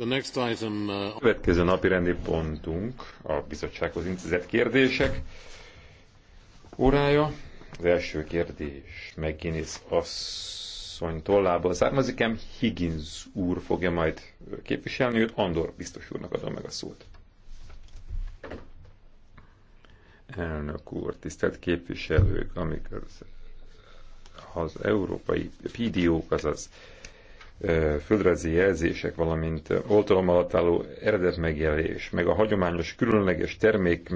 A uh, következő napi rendi pontunk a bizottsághoz intézett kérdések órája. Az első kérdés megint asszony tollából származik, em Higgins úr fogja majd képviselni, őt Andor biztos úrnak adom meg a szót. Elnök úr, tisztelt képviselők, amikor az, az európai PDO-k, azaz földrajzi jelzések, valamint oltalom alatt álló eredet meg a hagyományos különleges termék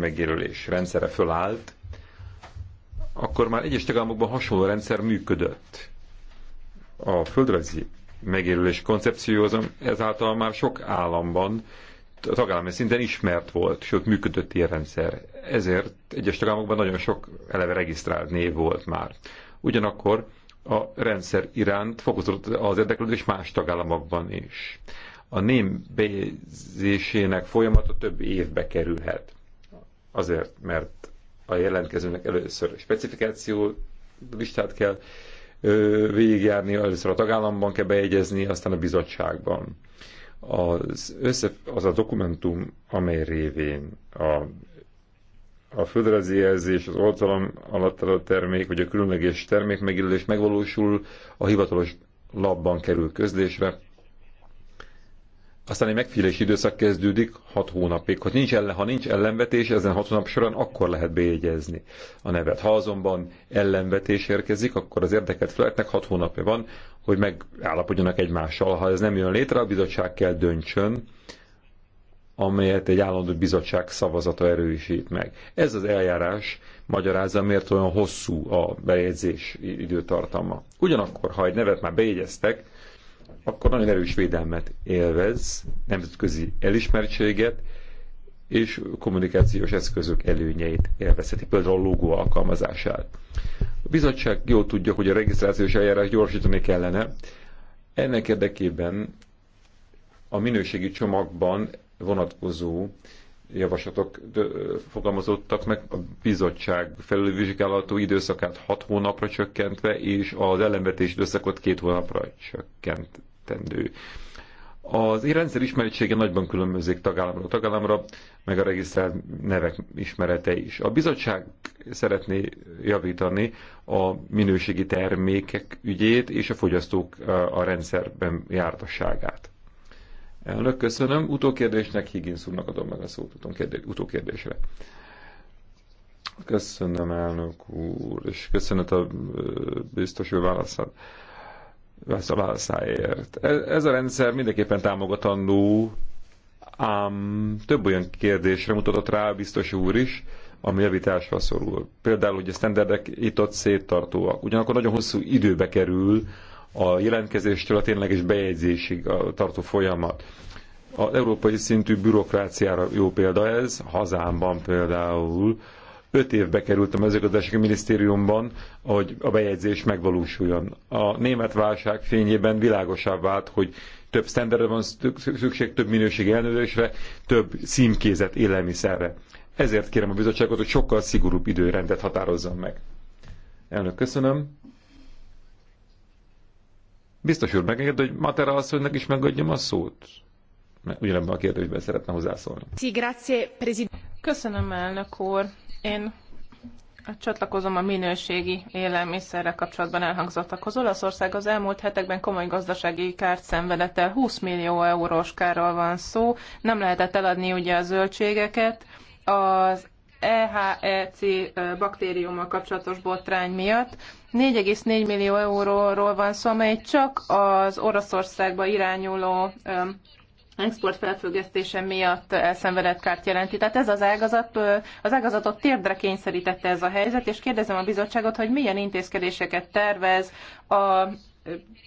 rendszere fölállt, akkor már egyes tagállamokban hasonló rendszer működött. A földrajzi megjelölés koncepció az ezáltal már sok államban a tagállami szinten ismert volt, sőt működött ilyen rendszer. Ezért egyes tagállamokban nagyon sok eleve regisztrált név volt már. Ugyanakkor a rendszer iránt fokozott az érdeklődés más tagállamokban is. A ném bézésének folyamata több évbe kerülhet. Azért, mert a jelentkezőnek először specifikáció listát kell végigjárni, először a tagállamban kell bejegyezni, aztán a bizottságban. Az, össze, az a dokumentum, amely révén a a földrajzi jelzés, az oltalom alatt a termék, vagy a különleges termék megjelölés megvalósul, a hivatalos labban kerül közlésre. Aztán egy megfigyelési időszak kezdődik 6 hónapig. Hogy nincs ellen, ha nincs ellenvetés, ezen 6 hónap során akkor lehet bejegyezni a nevet. Ha azonban ellenvetés érkezik, akkor az érdeket feleknek 6 hónapja van, hogy megállapodjanak egymással. Ha ez nem jön létre, a bizottság kell döntsön, amelyet egy állandó bizottság szavazata erősít meg. Ez az eljárás magyarázza, miért olyan hosszú a bejegyzés időtartama. Ugyanakkor, ha egy nevet már bejegyeztek, akkor nagyon erős védelmet élvez, nemzetközi elismertséget, és kommunikációs eszközök előnyeit élvezheti, például a logó alkalmazását. A bizottság jól tudja, hogy a regisztrációs eljárás gyorsítani kellene. Ennek érdekében a minőségi csomagban vonatkozó javaslatok fogalmazottak meg, a bizottság felülvizsgálatú időszakát hat hónapra csökkentve, és az ellenvetés időszakot két hónapra csökkentendő. Az rendszer ismeretsége nagyban különbözik tagállamra tagállamra, meg a regisztrált nevek ismerete is. A bizottság szeretné javítani a minőségi termékek ügyét és a fogyasztók a rendszerben jártasságát. Elnök, köszönöm. Utókérdésnek Higgins úrnak adom meg a szót utókérdésre. Köszönöm, elnök úr, és köszönet a biztos ő válaszad, A válaszáért. E- ez a rendszer mindenképpen támogatandó, ám több olyan kérdésre mutatott rá a biztos úr is, ami javításra szorul. Például, hogy a standardek itt-ott széttartóak. Ugyanakkor nagyon hosszú időbe kerül, a jelentkezéstől a tényleges bejegyzésig a tartó folyamat. Az európai szintű bürokráciára jó példa ez, hazámban például, öt évbe került a mezőgazdasági minisztériumban, hogy a bejegyzés megvalósuljon. A német válság fényében világosabb vált, hogy több sztenderre van szükség, több minőségi ellenőrzésre, több színkézet élelmiszerre. Ezért kérem a bizottságot, hogy sokkal szigorúbb időrendet határozzon meg. Elnök, köszönöm. Biztos úr megenged, hogy Matera asszonynak is megadjam a szót? Mert ugyanebben a kérdésben szeretne hozzászólni. Köszönöm, elnök úr. Én Csatlakozom a minőségi élelmiszerrel kapcsolatban elhangzottakhoz. Olaszország az elmúlt hetekben komoly gazdasági kárt szenvedett el, 20 millió eurós kárról van szó, nem lehetett eladni ugye a zöldségeket. Az EHEC baktériummal kapcsolatos botrány miatt 4,4 millió euróról van szó, amely csak az Oroszországba irányuló export felfüggesztése miatt elszenvedett kárt jelenti. Tehát ez az ágazat, az ágazatot térdre kényszerítette ez a helyzet, és kérdezem a bizottságot, hogy milyen intézkedéseket tervez a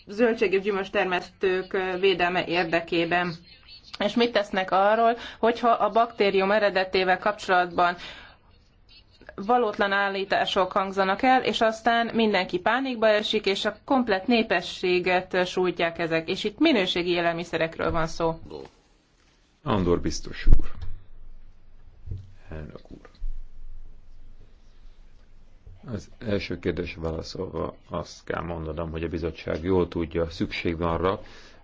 zöldség és gyümölcs termesztők védelme érdekében. És mit tesznek arról, hogyha a baktérium eredetével kapcsolatban valótlan állítások hangzanak el, és aztán mindenki pánikba esik, és a komplet népességet sújtják ezek. És itt minőségi élelmiszerekről van szó. Andor biztos úr. Elnök úr. Az első kérdés válaszolva azt kell mondanom, hogy a bizottság jól tudja, szükség van arra,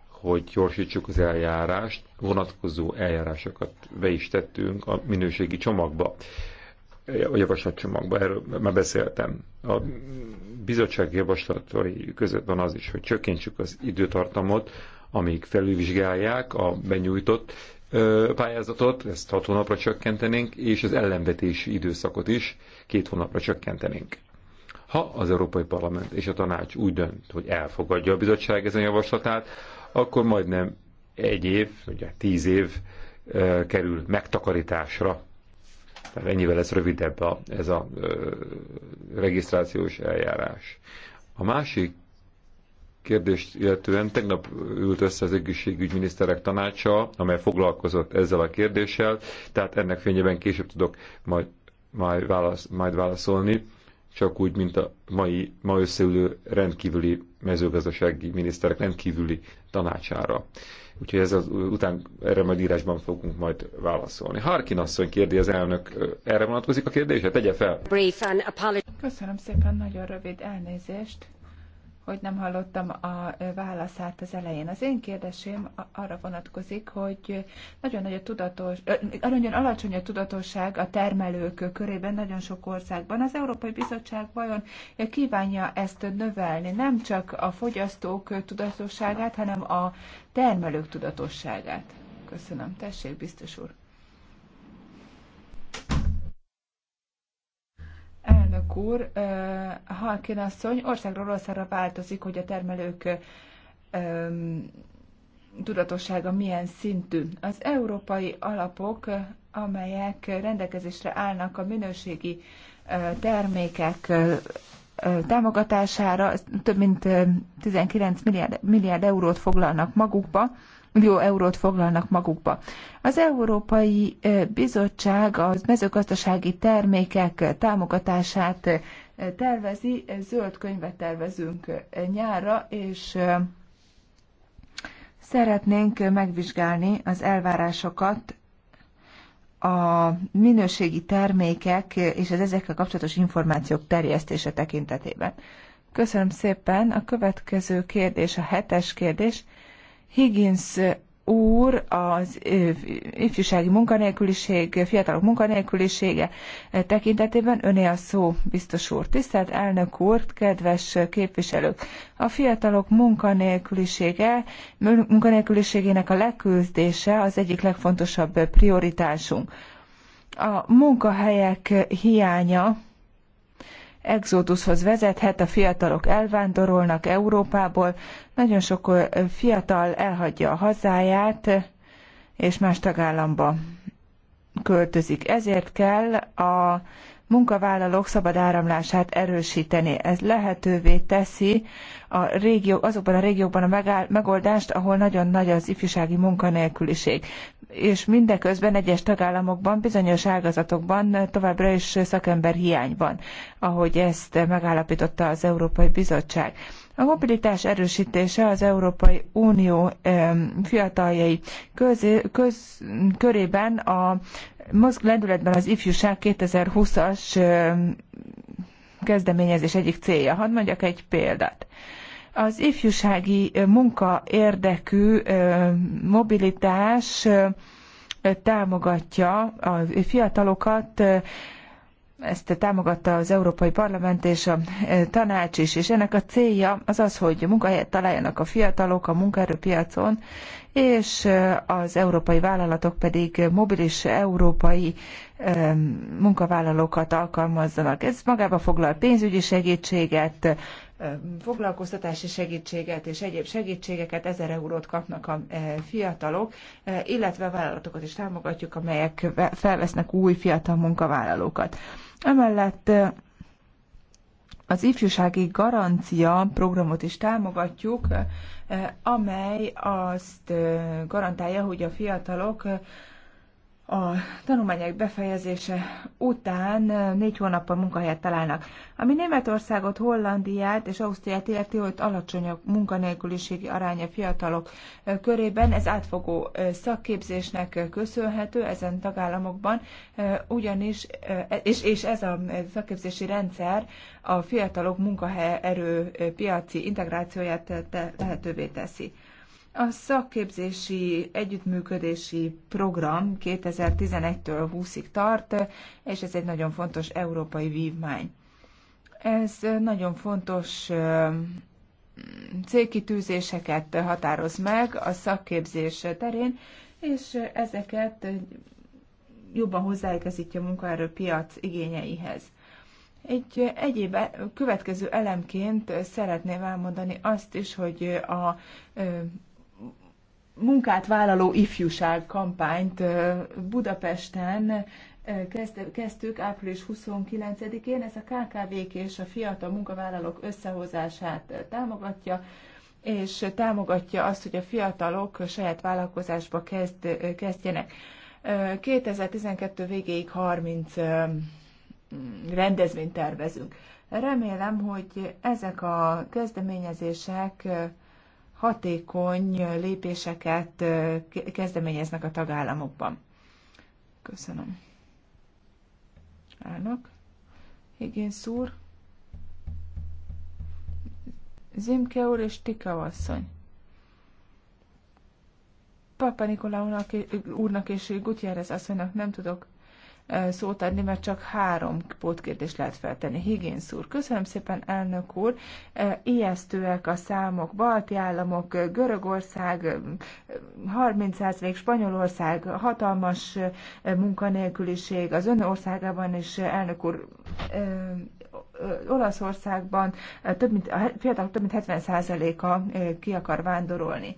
hogy gyorsítsuk az eljárást, vonatkozó eljárásokat be is tettünk a minőségi csomagba. A javaslatcsomagban, erről már beszéltem. A bizottság javaslatai között van az is, hogy csökkentsük az időtartamot, amíg felülvizsgálják a benyújtott pályázatot, ezt hat hónapra csökkentenénk, és az ellenvetési időszakot is két hónapra csökkentenénk. Ha az Európai Parlament és a Tanács úgy dönt, hogy elfogadja a bizottság ezen javaslatát, akkor majdnem egy év, ugye hát tíz év kerül megtakarításra tehát ennyivel lesz rövidebb a, ez a ö, regisztrációs eljárás. A másik kérdést illetően tegnap ült össze az egészségügyminiszterek tanácsa, amely foglalkozott ezzel a kérdéssel, tehát ennek fényében később tudok majd, majd, válasz, majd válaszolni, csak úgy, mint a mai, ma összeülő rendkívüli mezőgazdasági miniszterek rendkívüli tanácsára. Úgyhogy ez az, után erre majd írásban fogunk majd válaszolni. Harkin asszony kérdi az elnök, erre vonatkozik a kérdés? Hát tegye fel. Köszönöm szépen, nagyon rövid elnézést hogy nem hallottam a válaszát az elején. Az én kérdésem arra vonatkozik, hogy nagyon, nagy a tudatos, nagyon alacsony a tudatosság a termelők körében nagyon sok országban. Az Európai Bizottság vajon kívánja ezt növelni, nem csak a fogyasztók tudatosságát, hanem a termelők tudatosságát? Köszönöm. Tessék, biztos úr. elnök úr, Halkin asszony, országról országra változik, hogy a termelők tudatossága milyen szintű. Az európai alapok, amelyek rendelkezésre állnak a minőségi termékek támogatására, több mint 19 milliárd, milliárd eurót foglalnak magukba, millió eurót foglalnak magukba. Az Európai Bizottság az mezőgazdasági termékek támogatását tervezi, zöld könyvet tervezünk nyára, és szeretnénk megvizsgálni az elvárásokat a minőségi termékek és az ezekkel kapcsolatos információk terjesztése tekintetében. Köszönöm szépen. A következő kérdés, a hetes kérdés. Higgins úr az ifjúsági munkanélküliség, fiatalok munkanélkülisége tekintetében öné a szó, biztos úr. Tisztelt elnök úr, kedves képviselők! A fiatalok munkanélkülisége, munkanélküliségének a leküzdése az egyik legfontosabb prioritásunk. A munkahelyek hiánya exóduszhoz vezethet, a fiatalok elvándorolnak Európából, nagyon sok fiatal elhagyja a hazáját, és más tagállamba költözik. Ezért kell a munkavállalók szabad áramlását erősíteni. Ez lehetővé teszi a régió, azokban a régiókban a megáll, megoldást, ahol nagyon nagy az ifjúsági munkanélküliség. És mindeközben egyes tagállamokban, bizonyos ágazatokban továbbra is szakember hiány van, ahogy ezt megállapította az Európai Bizottság. A mobilitás erősítése az Európai Unió fiataljai köz, köz, körében a Mozg lendületben az ifjúság 2020-as kezdeményezés egyik célja. Hadd mondjak egy példát. Az ifjúsági munka érdekű mobilitás támogatja a fiatalokat, ezt támogatta az Európai Parlament és a tanács is, és ennek a célja az az, hogy munkahelyet találjanak a fiatalok a munkaerőpiacon, és az európai vállalatok pedig mobilis európai munkavállalókat alkalmazzanak. Ez magába foglal pénzügyi segítséget, foglalkoztatási segítséget és egyéb segítségeket, 1000 eurót kapnak a fiatalok, illetve a vállalatokat is támogatjuk, amelyek felvesznek új fiatal munkavállalókat. Emellett az ifjúsági garancia programot is támogatjuk, eh, amely azt eh, garantálja, hogy a fiatalok a tanulmányok befejezése után négy hónappal munkahelyet találnak. Ami Németországot, Hollandiát és Ausztriát illeti, hogy alacsonyabb munkanélküliségi aránya fiatalok körében, ez átfogó szakképzésnek köszönhető ezen tagállamokban, ugyanis, e, és, és ez a szakképzési rendszer a fiatalok munkahelyerő piaci integrációját lehetővé teszi. A szakképzési együttműködési program 2011-től 20-ig tart, és ez egy nagyon fontos európai vívmány. Ez nagyon fontos célkitűzéseket határoz meg a szakképzés terén, és ezeket jobban hozzáigazítja a munkaerőpiac igényeihez. Egy egyéb e- következő elemként szeretném elmondani azt is, hogy a munkát vállaló ifjúság kampányt Budapesten kezdtük április 29-én. Ez a KKV-k és a fiatal munkavállalók összehozását támogatja, és támogatja azt, hogy a fiatalok saját vállalkozásba kezd, kezdjenek. 2012 végéig 30 mm, rendezvényt tervezünk. Remélem, hogy ezek a kezdeményezések hatékony lépéseket kezdeményeznek a tagállamokban. Köszönöm. Állnak. Igen, szúr. Zimke úr és Tika asszony. Papa Nikolaunak úrnak és Gutierrez asszonynak nem tudok szót adni, mert csak három pótkérdést lehet feltenni. Higgins úr, köszönöm szépen, elnök úr. Ijesztőek a számok. Balti államok, Görögország, 30% Spanyolország, hatalmas munkanélküliség. Az ön országában is, elnök úr, Olaszországban több mint, a fiatal több mint 70%-a ki akar vándorolni.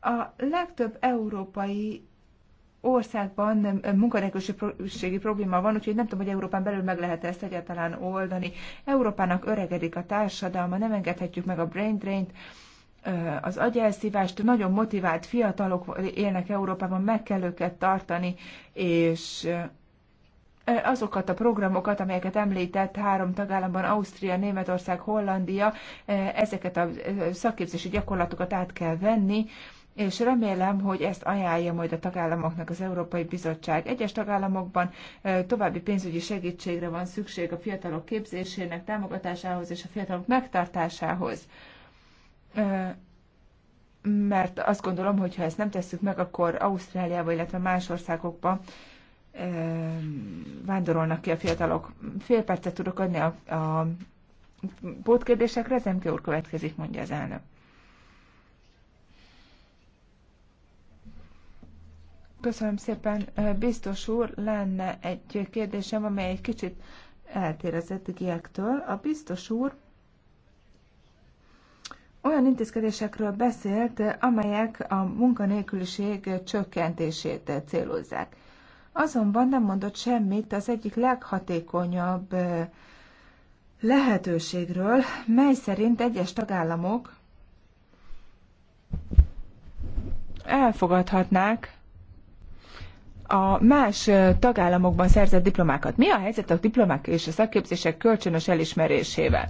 A legtöbb európai országban munkanélküliségi probléma van, úgyhogy nem tudom, hogy Európán belül meg lehet ezt egyáltalán oldani. Európának öregedik a társadalma, nem engedhetjük meg a brain drain-t, az agyelszívást, nagyon motivált fiatalok élnek Európában, meg kell őket tartani, és azokat a programokat, amelyeket említett három tagállamban, Ausztria, Németország, Hollandia, ezeket a szakképzési gyakorlatokat át kell venni, és remélem, hogy ezt ajánlja majd a tagállamoknak az Európai Bizottság. Egyes tagállamokban további pénzügyi segítségre van szükség a fiatalok képzésének, támogatásához és a fiatalok megtartásához. Mert azt gondolom, hogy ha ezt nem tesszük meg, akkor Ausztráliába, illetve más országokba vándorolnak ki a fiatalok. Fél percet tudok adni a, a pótkérdésekre, Zemke úr következik, mondja az elnök. Köszönöm szépen, biztos úr, lenne egy kérdésem, amely egy kicsit eltér az eddigiektől. A biztos úr olyan intézkedésekről beszélt, amelyek a munkanélküliség csökkentését célozzák. Azonban nem mondott semmit az egyik leghatékonyabb lehetőségről, mely szerint egyes tagállamok elfogadhatnák a más tagállamokban szerzett diplomákat. Mi a helyzet a diplomák és a szakképzések kölcsönös elismerésével?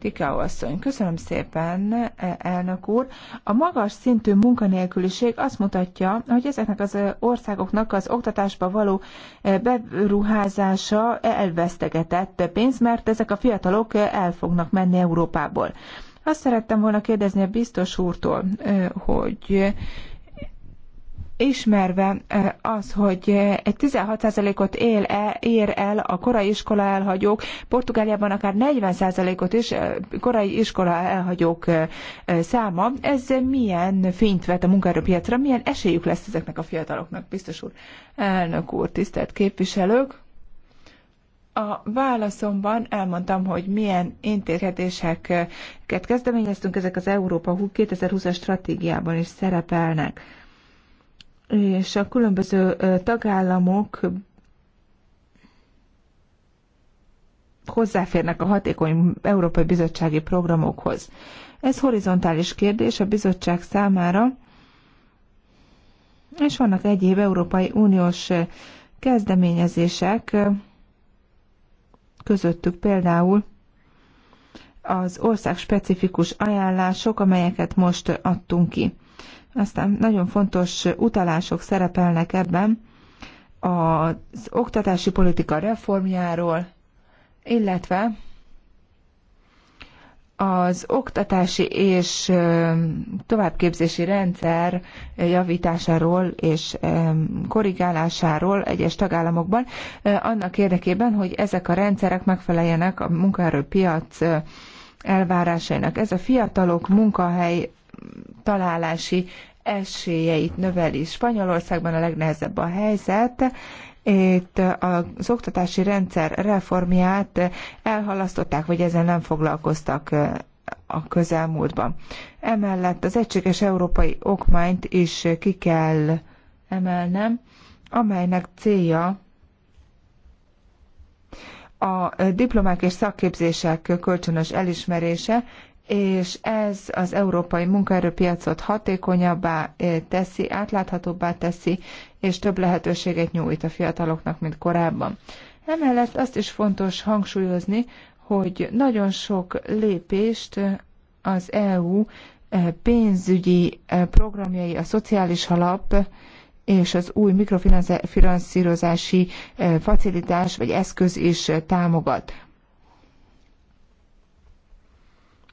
Tikao asszony, köszönöm szépen, e, elnök úr. A magas szintű munkanélküliség azt mutatja, hogy ezeknek az országoknak az oktatásba való e, beruházása elvesztegetett pénz, mert ezek a fiatalok e, el fognak menni Európából. Azt szerettem volna kérdezni a biztos úrtól, hogy ismerve eh, az, hogy eh, egy 16%-ot él el, ér el a korai iskola elhagyók, Portugáliában akár 40%-ot is eh, korai iskola elhagyók száma, ez milyen fényt vet a munkaerőpiacra, milyen esélyük lesz ezeknek a fiataloknak, biztos úr, elnök úr, tisztelt képviselők. A válaszomban elmondtam, hogy milyen intézkedéseket kezdeményeztünk, ezek az Európa 2020-as stratégiában is szerepelnek és a különböző tagállamok hozzáférnek a hatékony Európai Bizottsági programokhoz. Ez horizontális kérdés a bizottság számára, és vannak egyéb Európai Uniós kezdeményezések, közöttük például az ország specifikus ajánlások, amelyeket most adtunk ki. Aztán nagyon fontos utalások szerepelnek ebben az oktatási politika reformjáról, illetve az oktatási és továbbképzési rendszer javításáról és korrigálásáról egyes tagállamokban, annak érdekében, hogy ezek a rendszerek megfeleljenek a munkaerőpiac elvárásainak. Ez a fiatalok munkahely találási esélyeit növeli. Spanyolországban a legnehezebb a helyzet, itt az oktatási rendszer reformját elhalasztották, vagy ezzel nem foglalkoztak a közelmúltban. Emellett az egységes európai okmányt is ki kell emelnem, amelynek célja a diplomák és szakképzések kölcsönös elismerése, és ez az európai munkaerőpiacot hatékonyabbá eh, teszi, átláthatóbbá teszi, és több lehetőséget nyújt a fiataloknak, mint korábban. Emellett azt is fontos hangsúlyozni, hogy nagyon sok lépést az EU eh, pénzügyi eh, programjai, a szociális alap és az új mikrofinanszírozási facilitás vagy eszköz is támogat.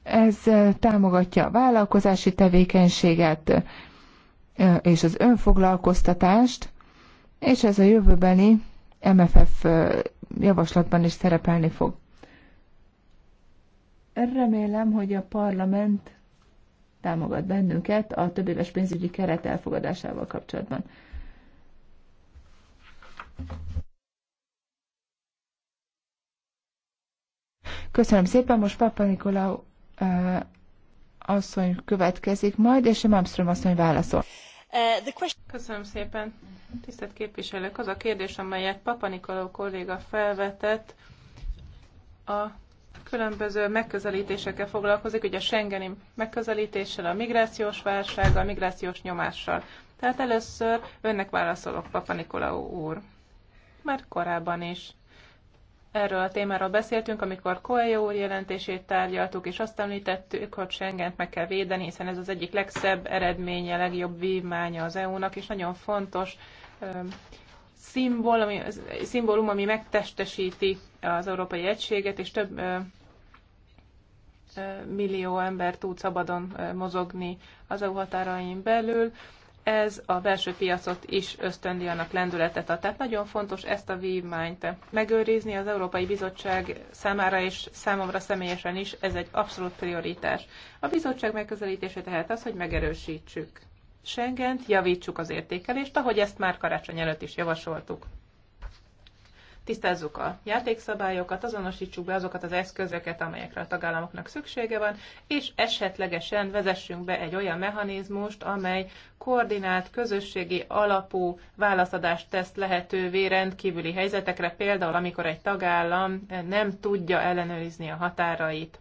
Ez támogatja a vállalkozási tevékenységet és az önfoglalkoztatást, és ez a jövőbeni MFF javaslatban is szerepelni fog. Remélem, hogy a parlament támogat bennünket a többéves pénzügyi keret elfogadásával kapcsolatban. Köszönöm szépen, most Papa Nikolau asszony következik majd, és Malmström asszony válaszol. Köszönöm szépen. Tisztelt képviselők, az a kérdés, amelyet Papa Nikoló kolléga felvetett, a különböző megközelítésekkel foglalkozik, ugye a Schengeni megközelítéssel, a migrációs válsággal, a migrációs nyomással. Tehát először önnek válaszolok, Papa Nikolau úr. Már korábban is erről a témáról beszéltünk, amikor Coelho úr jelentését tárgyaltuk, és azt említettük, hogy schengen meg kell védeni, hiszen ez az egyik legszebb eredménye, legjobb vívmánya az EU-nak, és nagyon fontos szimbol, ami, szimbólum, ami megtestesíti az európai egységet, és több ö, ö, millió ember tud szabadon ö, mozogni az EU határain belül ez a belső piacot is ösztöndi annak lendületet ad. Tehát nagyon fontos ezt a vívmányt megőrizni az Európai Bizottság számára és számomra személyesen is, ez egy abszolút prioritás. A bizottság megközelítése tehát az, hogy megerősítsük Schengent, javítsuk az értékelést, ahogy ezt már karácsony előtt is javasoltuk tisztázzuk a játékszabályokat, azonosítsuk be azokat az eszközöket, amelyekre a tagállamoknak szüksége van, és esetlegesen vezessünk be egy olyan mechanizmust, amely koordinált, közösségi alapú válaszadást tesz lehetővé rendkívüli helyzetekre, például amikor egy tagállam nem tudja ellenőrizni a határait.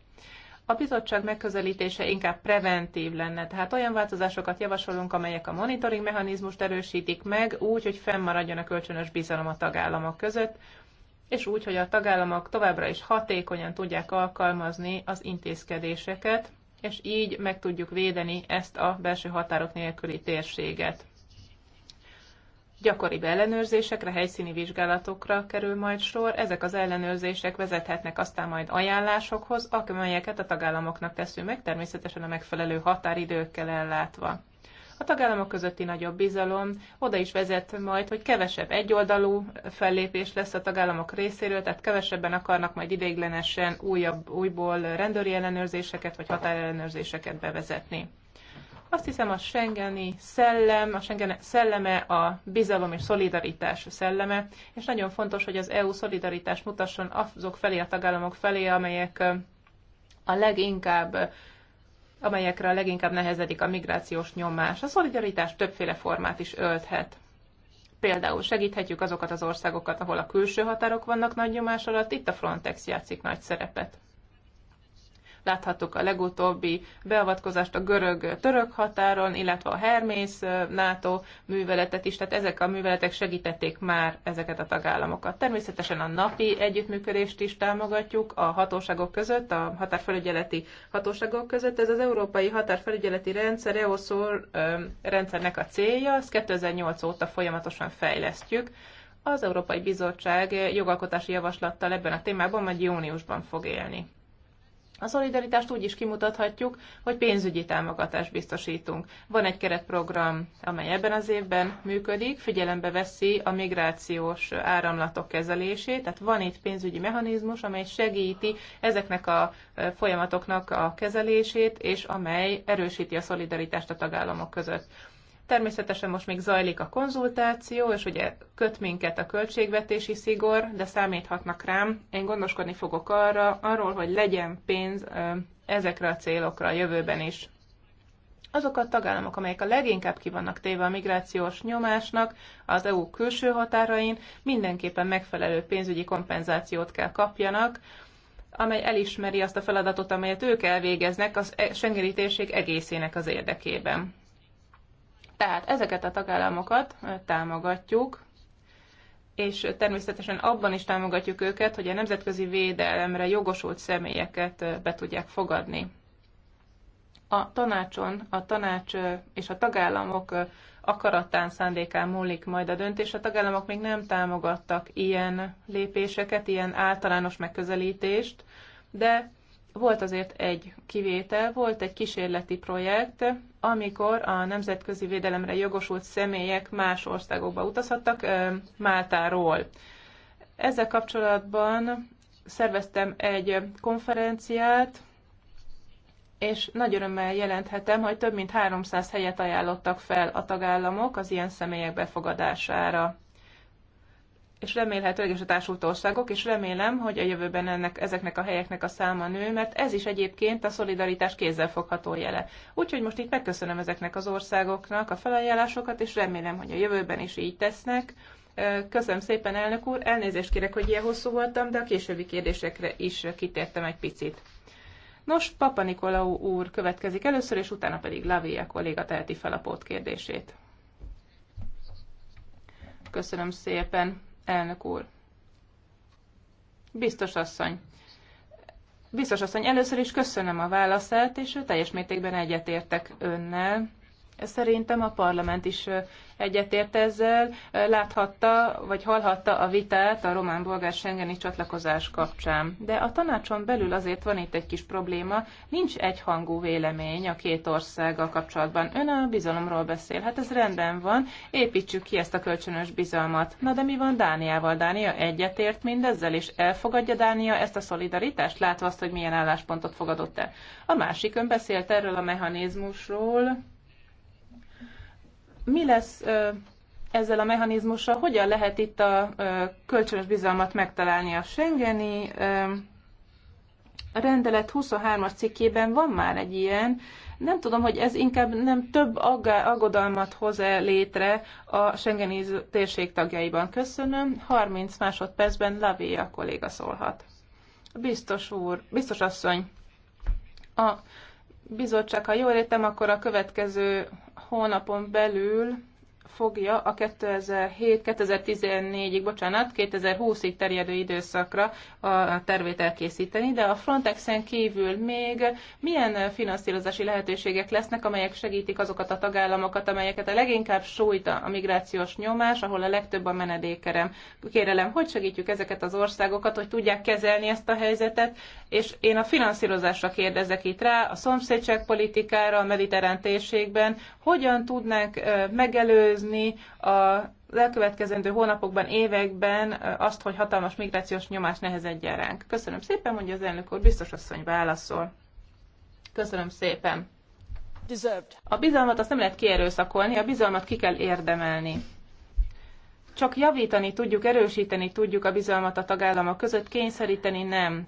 A bizottság megközelítése inkább preventív lenne, tehát olyan változásokat javasolunk, amelyek a monitoring mechanizmust erősítik meg, úgy, hogy fennmaradjon a kölcsönös bizalom a tagállamok között, és úgy, hogy a tagállamok továbbra is hatékonyan tudják alkalmazni az intézkedéseket, és így meg tudjuk védeni ezt a belső határok nélküli térséget. Gyakoribb ellenőrzésekre, helyszíni vizsgálatokra kerül majd sor, ezek az ellenőrzések vezethetnek aztán majd ajánlásokhoz, amelyeket a tagállamoknak teszünk meg, természetesen a megfelelő határidőkkel ellátva. A tagállamok közötti nagyobb bizalom oda is vezet majd, hogy kevesebb egyoldalú fellépés lesz a tagállamok részéről, tehát kevesebben akarnak majd ideiglenesen újabb, újból rendőri ellenőrzéseket vagy határellenőrzéseket bevezetni. Azt hiszem a Schengeni szellem, a Schengen szelleme a bizalom és szolidaritás szelleme, és nagyon fontos, hogy az EU szolidaritás mutasson azok felé, a tagállamok felé, amelyek a leginkább amelyekre a leginkább nehezedik a migrációs nyomás. A szolidaritás többféle formát is ölthet. Például segíthetjük azokat az országokat, ahol a külső határok vannak nagy nyomás alatt, itt a Frontex játszik nagy szerepet. Láthattuk a legutóbbi beavatkozást a görög-török határon, illetve a Hermész NATO műveletet is, tehát ezek a műveletek segítették már ezeket a tagállamokat. Természetesen a napi együttműködést is támogatjuk a hatóságok között, a határfelügyeleti hatóságok között. Ez az Európai Határfelügyeleti Rendszer, EOSZOR rendszernek a célja, ezt 2008 óta folyamatosan fejlesztjük. Az Európai Bizottság jogalkotási javaslattal ebben a témában majd júniusban fog élni. A szolidaritást úgy is kimutathatjuk, hogy pénzügyi támogatást biztosítunk. Van egy keretprogram, amely ebben az évben működik, figyelembe veszi a migrációs áramlatok kezelését, tehát van itt pénzügyi mechanizmus, amely segíti ezeknek a folyamatoknak a kezelését, és amely erősíti a szolidaritást a tagállamok között. Természetesen most még zajlik a konzultáció, és ugye köt minket a költségvetési szigor, de számíthatnak rám. Én gondoskodni fogok arra, arról, hogy legyen pénz ezekre a célokra a jövőben is. Azok a tagállamok, amelyek a leginkább kivannak téve a migrációs nyomásnak az EU külső határain, mindenképpen megfelelő pénzügyi kompenzációt kell kapjanak, amely elismeri azt a feladatot, amelyet ők elvégeznek az e- Schengeni egészének az érdekében. Tehát ezeket a tagállamokat támogatjuk, és természetesen abban is támogatjuk őket, hogy a nemzetközi védelemre jogosult személyeket be tudják fogadni. A tanácson, a tanács és a tagállamok akaratán, szándékán múlik majd a döntés. A tagállamok még nem támogattak ilyen lépéseket, ilyen általános megközelítést, de volt azért egy kivétel, volt egy kísérleti projekt, amikor a nemzetközi védelemre jogosult személyek más országokba utazhattak, Máltáról. Ezzel kapcsolatban szerveztem egy konferenciát, és nagy örömmel jelenthetem, hogy több mint 300 helyet ajánlottak fel a tagállamok az ilyen személyek befogadására és remélhetőleg is a társult országok, és remélem, hogy a jövőben ennek, ezeknek a helyeknek a száma nő, mert ez is egyébként a szolidaritás kézzelfogható jele. Úgyhogy most itt megköszönöm ezeknek az országoknak a felajánlásokat, és remélem, hogy a jövőben is így tesznek. Köszönöm szépen, elnök úr, elnézést kérek, hogy ilyen hosszú voltam, de a későbbi kérdésekre is kitértem egy picit. Nos, Papa Nikolau úr következik először, és utána pedig Lavia kolléga teheti fel a kérdését. Köszönöm szépen, Elnök úr. Biztos asszony. Biztos asszony, először is köszönöm a válaszát, és teljes mértékben egyetértek önnel Szerintem a parlament is egyetért ezzel, láthatta vagy hallhatta a vitát a román-bolgár Schengeni csatlakozás kapcsán. De a tanácson belül azért van itt egy kis probléma, nincs egyhangú vélemény a két országgal kapcsolatban. Ön a bizalomról beszél, hát ez rendben van, építsük ki ezt a kölcsönös bizalmat. Na de mi van Dániával? Dánia egyetért mindezzel, és elfogadja Dánia ezt a szolidaritást, látva azt, hogy milyen álláspontot fogadott el. A másik ön beszélt erről a mechanizmusról, mi lesz ezzel a mechanizmussal, hogyan lehet itt a kölcsönös bizalmat megtalálni a Schengeni rendelet 23-as cikkében van már egy ilyen, nem tudom, hogy ez inkább nem több aggodalmat hoz-e létre a Schengeni térség tagjaiban. Köszönöm. 30 másodpercben Lavé a kolléga szólhat. Biztos úr, biztos asszony, a bizottság, ha jól értem, akkor a következő hónapon belül fogja a 2007-2014-ig, bocsánat, 2020-ig terjedő időszakra a tervét elkészíteni, de a Frontexen kívül még milyen finanszírozási lehetőségek lesznek, amelyek segítik azokat a tagállamokat, amelyeket a leginkább sújt a migrációs nyomás, ahol a legtöbb a menedékerem. Kérelem, hogy segítjük ezeket az országokat, hogy tudják kezelni ezt a helyzetet, és én a finanszírozásra kérdezek itt rá, a politikára, a mediterrán térségben, hogyan tudnánk megelőzni megelőzni a elkövetkezendő hónapokban, években azt, hogy hatalmas migrációs nyomás nehezedjen ránk. Köszönöm szépen, mondja az elnök úr, biztos asszony válaszol. Köszönöm szépen. A bizalmat azt nem lehet kierőszakolni, a bizalmat ki kell érdemelni. Csak javítani tudjuk, erősíteni tudjuk a bizalmat a tagállamok között, kényszeríteni nem.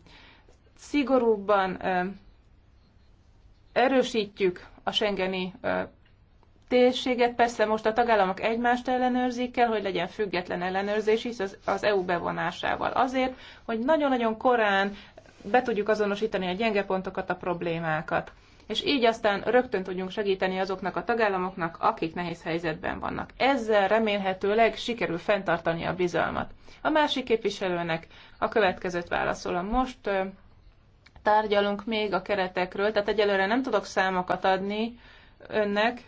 Szigorúbban erősítjük a Schengeni térséget. Persze most a tagállamok egymást ellenőrzik kell, hogy legyen független ellenőrzés is az, az EU bevonásával. Azért, hogy nagyon-nagyon korán be tudjuk azonosítani a gyenge pontokat, a problémákat. És így aztán rögtön tudjunk segíteni azoknak a tagállamoknak, akik nehéz helyzetben vannak. Ezzel remélhetőleg sikerül fenntartani a bizalmat. A másik képviselőnek a következőt válaszolom. Most tárgyalunk még a keretekről, tehát egyelőre nem tudok számokat adni önnek,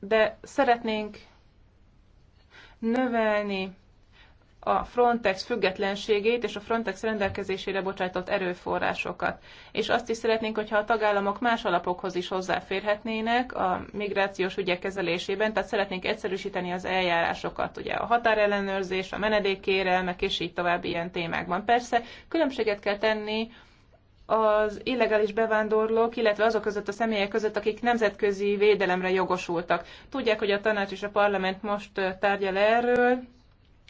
de szeretnénk növelni a Frontex függetlenségét és a Frontex rendelkezésére bocsájtott erőforrásokat. És azt is szeretnénk, hogyha a tagállamok más alapokhoz is hozzáférhetnének a migrációs ügyek kezelésében, tehát szeretnénk egyszerűsíteni az eljárásokat, ugye a határellenőrzés, a menedékkérelmek és így tovább ilyen témákban. Persze különbséget kell tenni az illegális bevándorlók, illetve azok között a személyek között, akik nemzetközi védelemre jogosultak. Tudják, hogy a tanács és a parlament most tárgyal erről,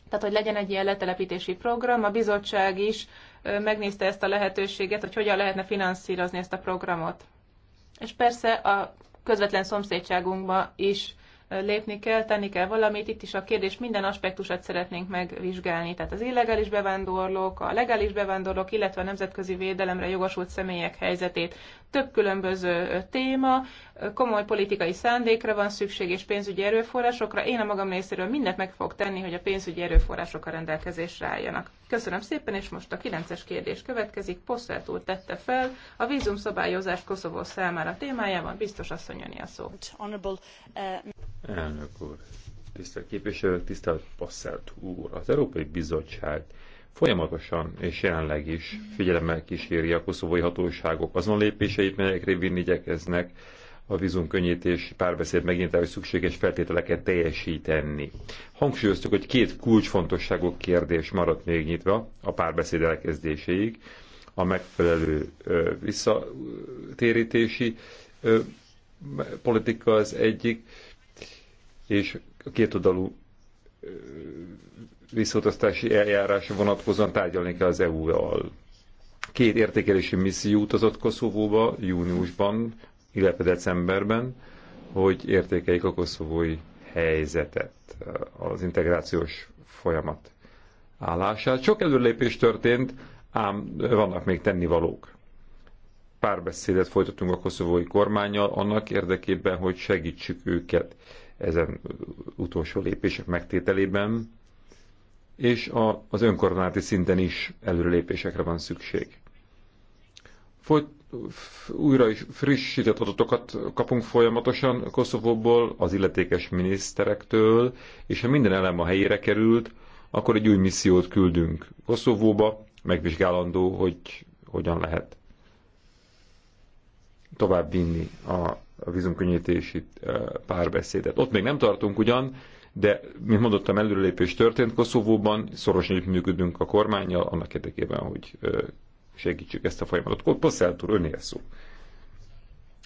tehát hogy legyen egy ilyen letelepítési program, a bizottság is megnézte ezt a lehetőséget, hogy hogyan lehetne finanszírozni ezt a programot. És persze a közvetlen szomszédságunkban is lépni kell, tenni kell valamit. Itt is a kérdés minden aspektusát szeretnénk megvizsgálni. Tehát az illegális bevándorlók, a legális bevándorlók, illetve a nemzetközi védelemre jogosult személyek helyzetét több különböző téma, komoly politikai szándékra van szükség, és pénzügyi erőforrásokra. Én a magam részéről mindent meg fogok tenni, hogy a pénzügyi erőforrások a rendelkezésre álljanak. Köszönöm szépen, és most a 9-es kérdés következik. Poszert úr tette fel a vízumszabályozás Koszovó számára témájában. Biztos asszony a szó. Uh, Elnök úr, tisztelt képviselők, tisztelt Poszert úr, az Európai Bizottság folyamatosan és jelenleg is figyelemmel kíséri a koszovói hatóságok azon lépéseit, melyekre vinni igyekeznek a vízunkönnyítés párbeszéd megint hogy szükséges feltételeket teljesíteni. Hangsúlyoztuk, hogy két kulcsfontosságú kérdés maradt még nyitva a párbeszéd elkezdéséig, a megfelelő ö, visszatérítési ö, politika az egyik, és a oldalú visszautasztási eljárása vonatkozóan tárgyalni kell az EU-val. Két értékelési misszió utazott Koszovóba júniusban, illetve decemberben, hogy értékeljék a koszovói helyzetet, az integrációs folyamat állását. Sok előlépés történt, ám vannak még tennivalók. Párbeszédet folytatunk a koszovói kormányjal annak érdekében, hogy segítsük őket ezen utolsó lépések megtételében, és a, az önkormányzati szinten is előrelépésekre van szükség. Folyt, újra is frissített adatokat kapunk folyamatosan Koszovóból, az illetékes miniszterektől, és ha minden elem a helyére került, akkor egy új missziót küldünk Koszovóba, megvizsgálandó, hogy hogyan lehet tovább vinni a a vízumkönnyítési párbeszédet. Ott még nem tartunk ugyan, de, mint mondottam, előrelépés történt Koszovóban, szorosan együttműködünk a kormányjal annak érdekében, hogy segítsük ezt a folyamatot. Posselt úr, önél szó.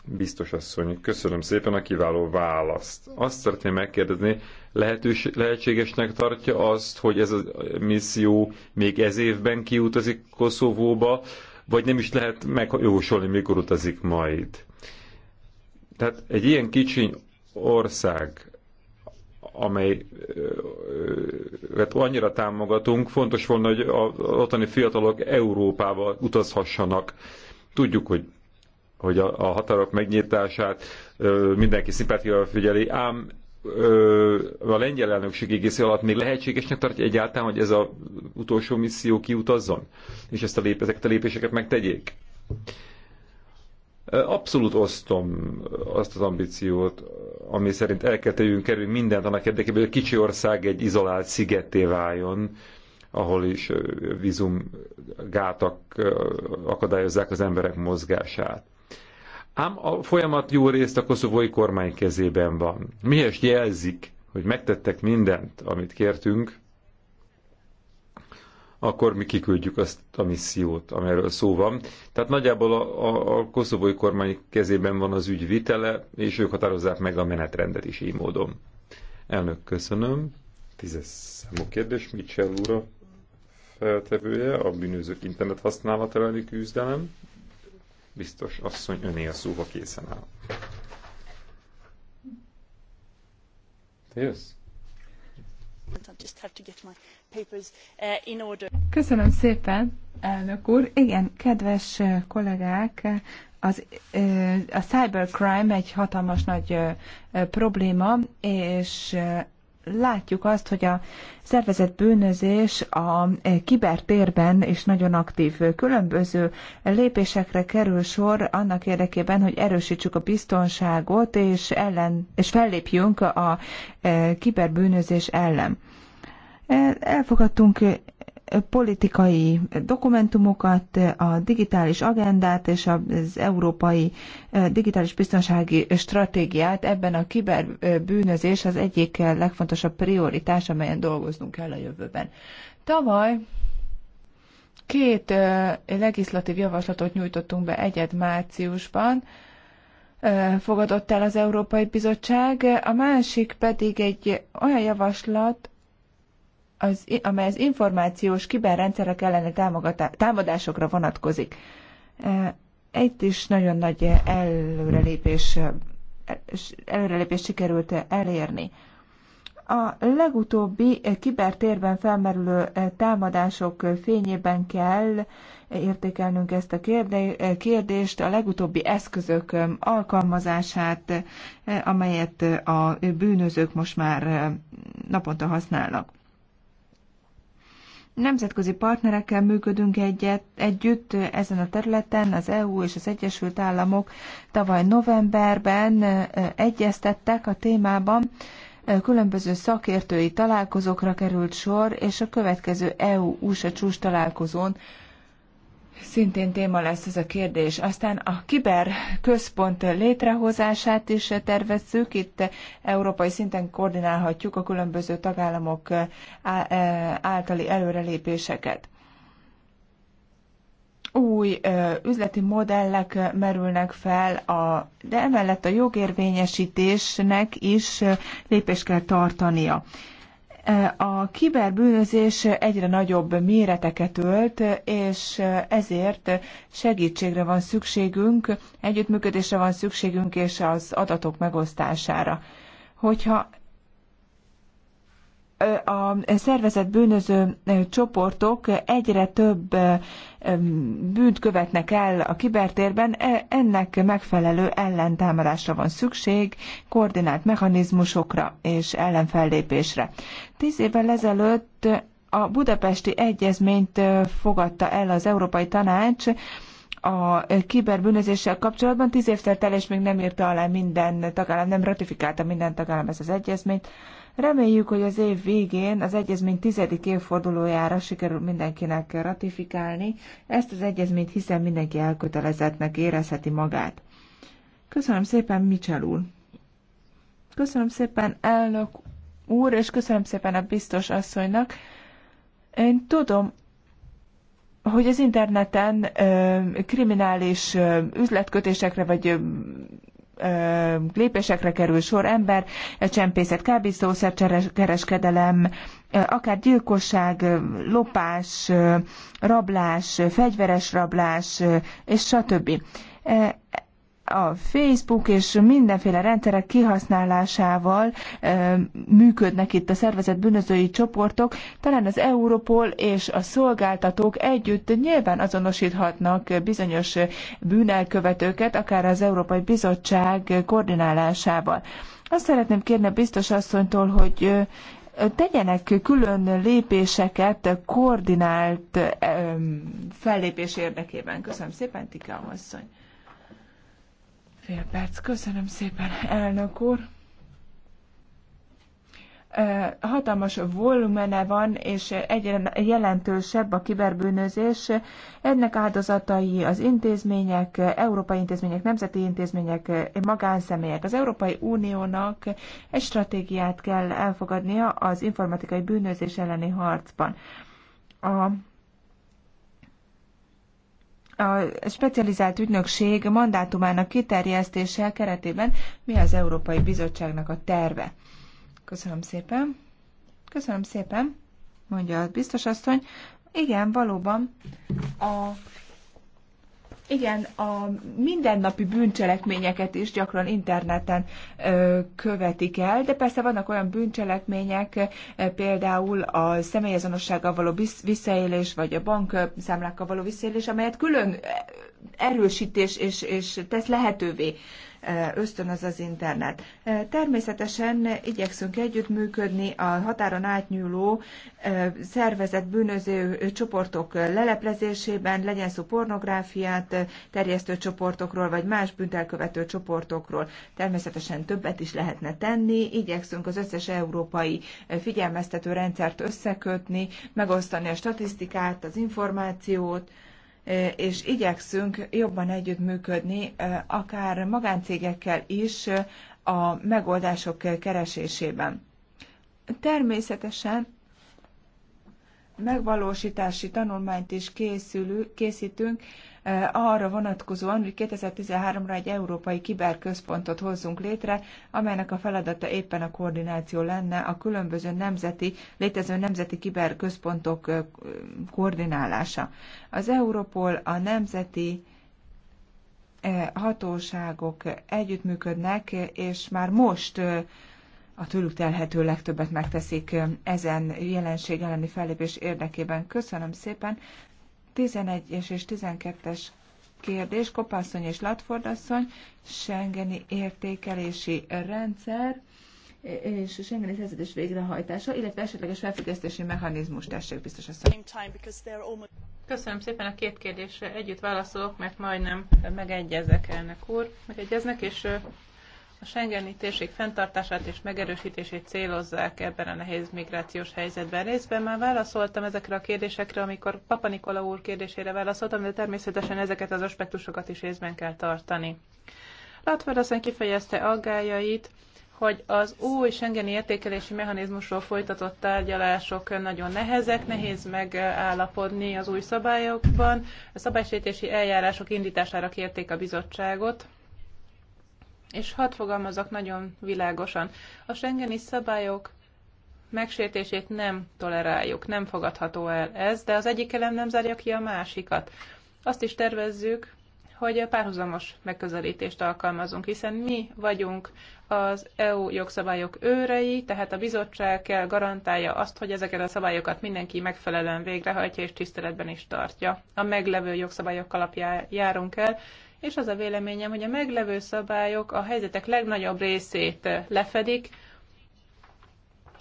Biztos asszony, köszönöm szépen a kiváló választ. Azt szeretném megkérdezni, lehetős, lehetségesnek tartja azt, hogy ez a misszió még ez évben kiutazik Koszovóba, vagy nem is lehet megjósolni, mikor utazik majd? Tehát egy ilyen kicsi ország, amely hát annyira támogatunk, fontos volna, hogy az ottani fiatalok Európába utazhassanak. Tudjuk, hogy hogy a, a határok megnyitását mindenki szimpátiával figyeli, ám a lengyel elnökség egész alatt még lehetségesnek tartja egyáltalán, hogy ez az utolsó misszió kiutazzon, és ezt a lép, ezeket a lépéseket megtegyék. Abszolút osztom azt az ambíciót, ami szerint el kell tegyünk kerülni mindent annak érdekében, hogy a kicsi ország egy izolált szigeté váljon, ahol is vízum gátak akadályozzák az emberek mozgását. Ám a folyamat jó részt a koszovói kormány kezében van. Mihez jelzik, hogy megtettek mindent, amit kértünk, akkor mi kiküldjük azt a missziót, amelyről szó van. Tehát nagyjából a, a, a koszovói kormány kezében van az ügy vitele, és ők határozzák meg a menetrendet is így módon. Elnök, köszönöm. Tízes számú kérdés, Mitchell úr a feltevője, a bűnözők internet használat elleni küzdelem. Biztos asszony öné a szó, készen áll. Jössz? Yes. Uh, Köszönöm szépen, elnök úr. Igen, kedves kollégák, az, a cybercrime egy hatalmas nagy probléma, és látjuk azt, hogy a szervezett bűnözés a e, kibertérben is nagyon aktív különböző lépésekre kerül sor annak érdekében, hogy erősítsük a biztonságot és, ellen, és fellépjünk a e, kiberbűnözés ellen. E, elfogadtunk politikai dokumentumokat, a digitális agendát és az európai digitális biztonsági stratégiát. Ebben a kiberbűnözés az egyik legfontosabb prioritás, amelyen dolgoznunk kell a jövőben. Tavaly két legislatív javaslatot nyújtottunk be egyet márciusban, fogadott el az Európai Bizottság, a másik pedig egy olyan javaslat, az, amely az információs kiberrendszerek elleni támadásokra vonatkozik. E, itt is nagyon nagy előrelépés, e, előrelépés sikerült elérni. A legutóbbi kibertérben felmerülő e, támadások fényében kell értékelnünk ezt a kérdést, a legutóbbi eszközök alkalmazását, amelyet a bűnözők most már naponta használnak. Nemzetközi partnerekkel működünk egyet, együtt ezen a területen, az EU és az Egyesült Államok tavaly novemberben egyeztettek a témában, különböző szakértői találkozókra került sor, és a következő EU-USA csúcs találkozón szintén téma lesz ez a kérdés. Aztán a kiber központ létrehozását is tervezzük. Itt európai szinten koordinálhatjuk a különböző tagállamok eh, eh, általi előrelépéseket. Új eh, üzleti modellek merülnek fel, a, de emellett a jogérvényesítésnek is lépést kell tartania. A kiberbűnözés egyre nagyobb méreteket ölt, és ezért segítségre van szükségünk, együttműködésre van szükségünk, és az adatok megosztására. Hogyha a szervezett bűnöző csoportok egyre több bűnt követnek el a kibertérben, e, ennek megfelelő ellentámadásra van szükség, koordinált mechanizmusokra és ellenfellépésre. Tíz évvel ezelőtt a budapesti egyezményt fogadta el az Európai Tanács, a kiberbűnözéssel kapcsolatban. Tíz év telt el, és még nem írta alá minden tagállam, nem ratifikálta minden tagállam ezt az egyezményt. Reméljük, hogy az év végén az egyezmény tizedik évfordulójára sikerül mindenkinek ratifikálni. Ezt az egyezményt hiszen mindenki elkötelezettnek érezheti magát. Köszönöm szépen, Michel úr! Köszönöm szépen, elnök úr, és köszönöm szépen a biztos asszonynak. Én tudom, hogy az interneten ö, kriminális ö, üzletkötésekre vagy ö, lépésekre kerül sor, ember, csempészet, kábítószer, kereskedelem, akár gyilkosság, lopás, rablás, fegyveres rablás, és stb a Facebook és mindenféle rendszerek kihasználásával e, működnek itt a szervezet bűnözői csoportok, talán az Europol és a szolgáltatók együtt nyilván azonosíthatnak bizonyos bűnelkövetőket, akár az Európai Bizottság koordinálásával. Azt szeretném kérni a biztos asszonytól, hogy tegyenek külön lépéseket koordinált fellépés érdekében. Köszönöm szépen, Tika asszony. Fél perc. Köszönöm szépen, elnök úr hatalmas volumene van, és egyre jelentősebb a kiberbűnözés. Ennek áldozatai az intézmények, európai intézmények, nemzeti intézmények, magánszemélyek. Az Európai Uniónak egy stratégiát kell elfogadnia az informatikai bűnözés elleni harcban. A a specializált ügynökség mandátumának kiterjesztése keretében mi az Európai Bizottságnak a terve. Köszönöm szépen. Köszönöm szépen, mondja a biztos asszony. Igen, valóban a igen, a mindennapi bűncselekményeket is gyakran interneten ö, követik el, de persze vannak olyan bűncselekmények, ö, például a személyazonossággal való visszaélés, vagy a bankszámlákkal való visszaélés, amelyet külön erősítés és, és tesz lehetővé ösztönöz az internet. Természetesen igyekszünk együttműködni a határon átnyúló szervezet bűnöző csoportok leleplezésében, legyen szó pornográfiát terjesztő csoportokról, vagy más büntelkövető csoportokról. Természetesen többet is lehetne tenni, igyekszünk az összes európai figyelmeztető rendszert összekötni, megosztani a statisztikát, az információt, és igyekszünk jobban együttműködni, akár magáncégekkel is a megoldások keresésében. Természetesen megvalósítási tanulmányt is készülő, készítünk eh, arra vonatkozóan, hogy 2013-ra egy európai kiberközpontot hozzunk létre, amelynek a feladata éppen a koordináció lenne a különböző nemzeti, létező nemzeti kiberközpontok eh, koordinálása. Az Europol a nemzeti eh, hatóságok együttműködnek, és már most a tőlük telhető legtöbbet megteszik ezen jelenség elleni fellépés érdekében. Köszönöm szépen. 11-es és 12-es kérdés, Kopászony és Latfordasszony, Schengeni értékelési rendszer és Schengeni szerződés végrehajtása, illetve esetleges felfüggesztési mechanizmus, tessék biztos asszony. Köszönöm szépen a két kérdésre, együtt válaszolok, mert majdnem megegyezek elnek úr, megegyeznek, és a Schengeni térség fenntartását és megerősítését célozzák ebben a nehéz migrációs helyzetben. Részben már válaszoltam ezekre a kérdésekre, amikor Papa Nikola úr kérdésére válaszoltam, de természetesen ezeket az aspektusokat is részben kell tartani. Latford aztán kifejezte aggájait, hogy az új Schengeni értékelési mechanizmusról folytatott tárgyalások nagyon nehezek, nehéz megállapodni az új szabályokban. A szabálysértési eljárások indítására kérték a bizottságot, és hadd fogalmazok nagyon világosan. A Schengeni szabályok megsértését nem toleráljuk, nem fogadható el ez, de az egyik elem nem zárja ki a másikat. Azt is tervezzük, hogy párhuzamos megközelítést alkalmazunk, hiszen mi vagyunk az EU jogszabályok őrei, tehát a bizottság kell garantálja azt, hogy ezeket a szabályokat mindenki megfelelően végrehajtja és tiszteletben is tartja. A meglevő jogszabályok alapján járunk el, és az a véleményem, hogy a meglevő szabályok a helyzetek legnagyobb részét lefedik,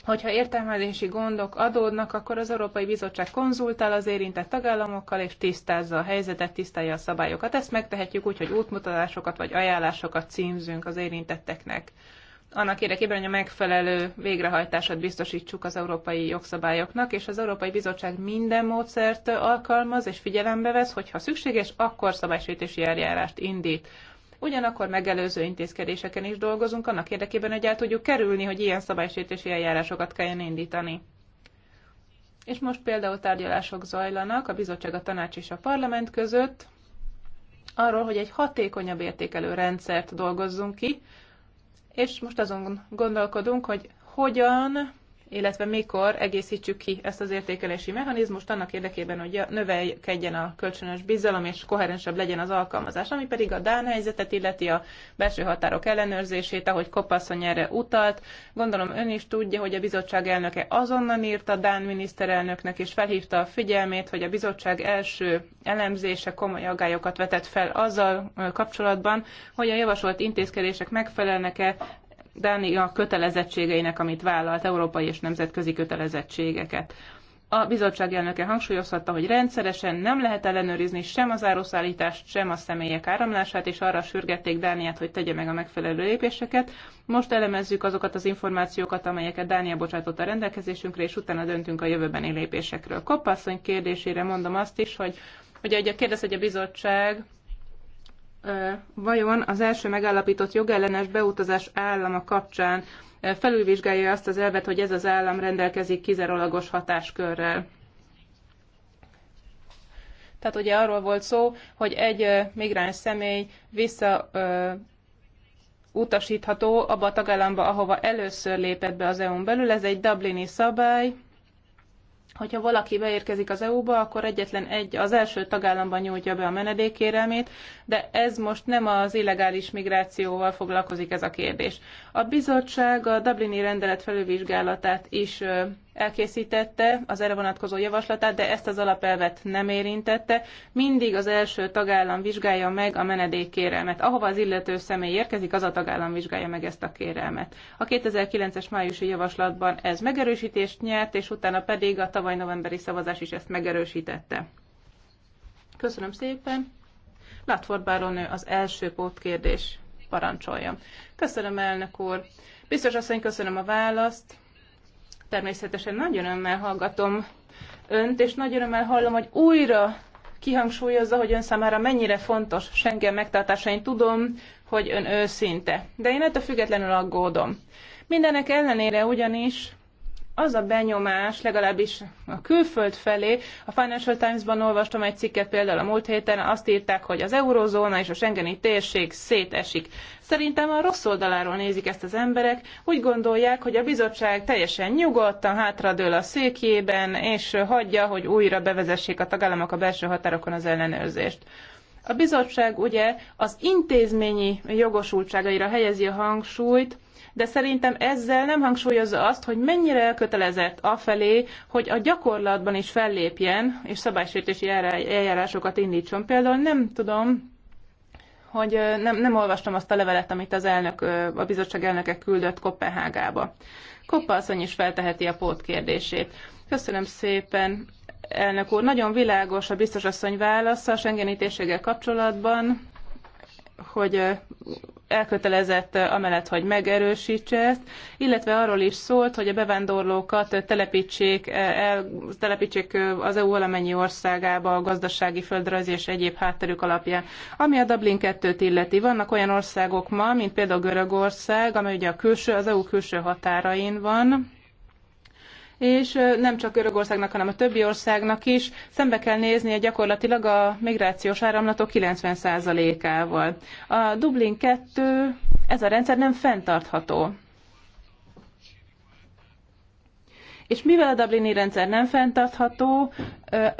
Hogyha értelmezési gondok adódnak, akkor az Európai Bizottság konzultál az érintett tagállamokkal, és tisztázza a helyzetet, tisztálja a szabályokat. Ezt megtehetjük úgy, hogy útmutatásokat vagy ajánlásokat címzünk az érintetteknek annak érdekében, hogy a megfelelő végrehajtását biztosítsuk az európai jogszabályoknak, és az Európai Bizottság minden módszert alkalmaz és figyelembe vesz, hogyha szükséges, akkor szabálysértési eljárást indít. Ugyanakkor megelőző intézkedéseken is dolgozunk, annak érdekében, hogy el tudjuk kerülni, hogy ilyen szabálysértési eljárásokat kelljen indítani. És most például tárgyalások zajlanak a bizottság, a tanács és a parlament között, arról, hogy egy hatékonyabb értékelő rendszert dolgozzunk ki, és most azon gondolkodunk, hogy hogyan illetve mikor egészítsük ki ezt az értékelési mechanizmust annak érdekében, hogy növelkedjen a kölcsönös bizalom és koherensebb legyen az alkalmazás, ami pedig a Dán helyzetet illeti a belső határok ellenőrzését, ahogy Kopasszony erre utalt. Gondolom ön is tudja, hogy a bizottság elnöke azonnal írt a Dán miniszterelnöknek és felhívta a figyelmét, hogy a bizottság első elemzése komoly aggályokat vetett fel azzal kapcsolatban, hogy a javasolt intézkedések megfelelnek-e Dánia kötelezettségeinek, amit vállalt, európai és nemzetközi kötelezettségeket. A bizottság elnöke hangsúlyozhatta, hogy rendszeresen nem lehet ellenőrizni sem az áruszállítást, sem a személyek áramlását, és arra sürgették Dániát, hogy tegye meg a megfelelő lépéseket. Most elemezzük azokat az információkat, amelyeket Dánia bocsátott a rendelkezésünkre, és utána döntünk a jövőbeni lépésekről. Koppasszony kérdésére mondom azt is, hogy ugye ugye kérdez, hogy a bizottság vajon az első megállapított jogellenes beutazás állama kapcsán felülvizsgálja azt az elvet, hogy ez az állam rendelkezik kizárólagos hatáskörrel. Tehát ugye arról volt szó, hogy egy migráns személy vissza utasítható abba a tagállamba, ahova először lépett be az EU-n belül. Ez egy Dublini szabály, hogyha valaki beérkezik az EU-ba, akkor egyetlen egy, az első tagállamban nyújtja be a menedékkérelmét, de ez most nem az illegális migrációval foglalkozik ez a kérdés. A bizottság a Dublini rendelet felülvizsgálatát is elkészítette az erre vonatkozó javaslatát, de ezt az alapelvet nem érintette. Mindig az első tagállam vizsgálja meg a menedékkérelmet. Ahova az illető személy érkezik, az a tagállam vizsgálja meg ezt a kérelmet. A 2009-es májusi javaslatban ez megerősítést nyert, és utána pedig a tavaly novemberi szavazás is ezt megerősítette. Köszönöm szépen. Látford Báronő az első pótkérdés. Parancsoljon. Köszönöm, elnök úr. Biztos asszony, köszönöm a választ természetesen nagy örömmel hallgatom önt, és nagy örömmel hallom, hogy újra kihangsúlyozza, hogy ön számára mennyire fontos Schengen megtartása. Én tudom, hogy ön őszinte, de én ettől függetlenül aggódom. Mindenek ellenére ugyanis az a benyomás, legalábbis a külföld felé, a Financial Times-ban olvastam egy cikket például a múlt héten, azt írták, hogy az eurozóna és a Schengeni térség szétesik. Szerintem a rossz oldaláról nézik ezt az emberek, úgy gondolják, hogy a bizottság teljesen nyugodtan hátradől a székjében, és hagyja, hogy újra bevezessék a tagállamok a belső határokon az ellenőrzést. A bizottság ugye az intézményi jogosultságaira helyezi a hangsúlyt, de szerintem ezzel nem hangsúlyozza azt, hogy mennyire elkötelezett afelé, hogy a gyakorlatban is fellépjen, és szabálysértési eljárásokat indítson. Például nem tudom, hogy nem, nem olvastam azt a levelet, amit az elnök, a bizottság elnöke küldött Kopenhágába. Koppa asszony is felteheti a kérdését. Köszönöm szépen, elnök úr. Nagyon világos a biztos asszony válasza a sengenítéséggel kapcsolatban hogy elkötelezett amellett, hogy megerősítse ezt, illetve arról is szólt, hogy a bevándorlókat telepítsék, el, telepítsék az EU valamennyi országába a gazdasági, földrajzi és egyéb hátterük alapján. Ami a Dublin 2-t illeti, vannak olyan országok ma, mint például Görögország, amely ugye a külső, az EU külső határain van, és nem csak Görögországnak, hanem a többi országnak is szembe kell néznie gyakorlatilag a migrációs áramlatok 90%-ával. A Dublin 2, ez a rendszer nem fenntartható. És mivel a Dublini rendszer nem fenntartható,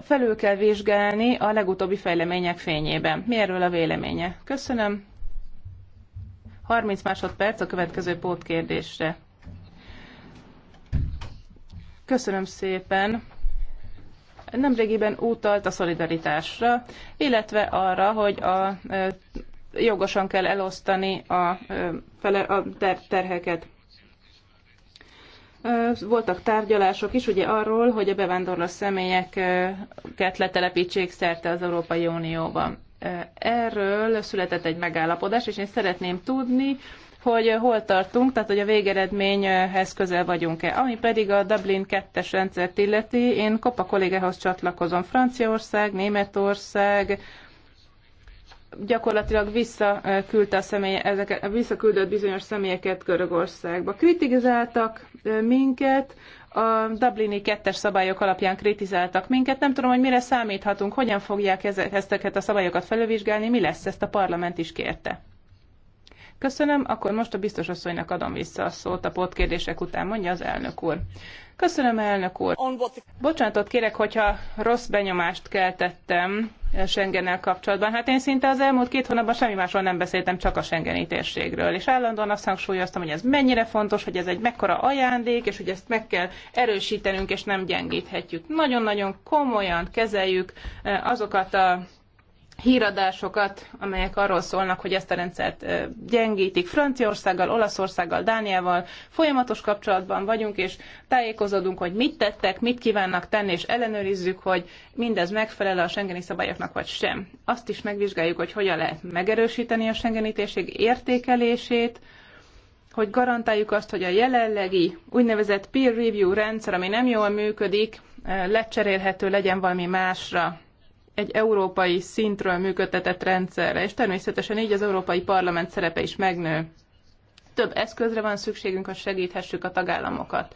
felül kell vizsgálni a legutóbbi fejlemények fényében. Mi erről a véleménye? Köszönöm. 30 másodperc a következő pótkérdésre. Köszönöm szépen. Nemrégiben utalt a szolidaritásra, illetve arra, hogy a jogosan kell elosztani a, fele, a ter, terheket. Voltak tárgyalások is ugye arról, hogy a bevándorló személyeket letelepítsék szerte az Európai Unióban. Erről született egy megállapodás, és én szeretném tudni, hogy hol tartunk, tehát hogy a végeredményhez közel vagyunk-e. Ami pedig a Dublin 2-es rendszert illeti, én Kopa kollégához csatlakozom. Franciaország, Németország, gyakorlatilag visszaküldte a személy, ezeket, visszaküldött bizonyos személyeket Görögországba. Kritizáltak minket, a Dublini kettes szabályok alapján kritizáltak minket. Nem tudom, hogy mire számíthatunk, hogyan fogják ezeket a szabályokat felülvizsgálni, mi lesz, ezt a parlament is kérte. Köszönöm, akkor most a biztos asszonynak adom vissza a szót a pótkérdések után, mondja az elnök úr. Köszönöm, elnök úr. Bocsánatot kérek, hogyha rossz benyomást keltettem schengen kapcsolatban. Hát én szinte az elmúlt két hónapban semmi másról nem beszéltem, csak a Schengeni térségről. És állandóan azt hangsúlyoztam, hogy ez mennyire fontos, hogy ez egy mekkora ajándék, és hogy ezt meg kell erősítenünk, és nem gyengíthetjük. Nagyon-nagyon komolyan kezeljük eh, azokat a híradásokat, amelyek arról szólnak, hogy ezt a rendszert gyengítik. Franciaországgal, Olaszországgal, Dániával folyamatos kapcsolatban vagyunk, és tájékozódunk, hogy mit tettek, mit kívánnak tenni, és ellenőrizzük, hogy mindez megfelel a Schengeni szabályoknak, vagy sem. Azt is megvizsgáljuk, hogy hogyan lehet megerősíteni a Schengeni térség értékelését, hogy garantáljuk azt, hogy a jelenlegi úgynevezett peer review rendszer, ami nem jól működik, lecserélhető legyen valami másra egy európai szintről működtetett rendszerre, és természetesen így az Európai Parlament szerepe is megnő. Több eszközre van szükségünk, hogy segíthessük a tagállamokat.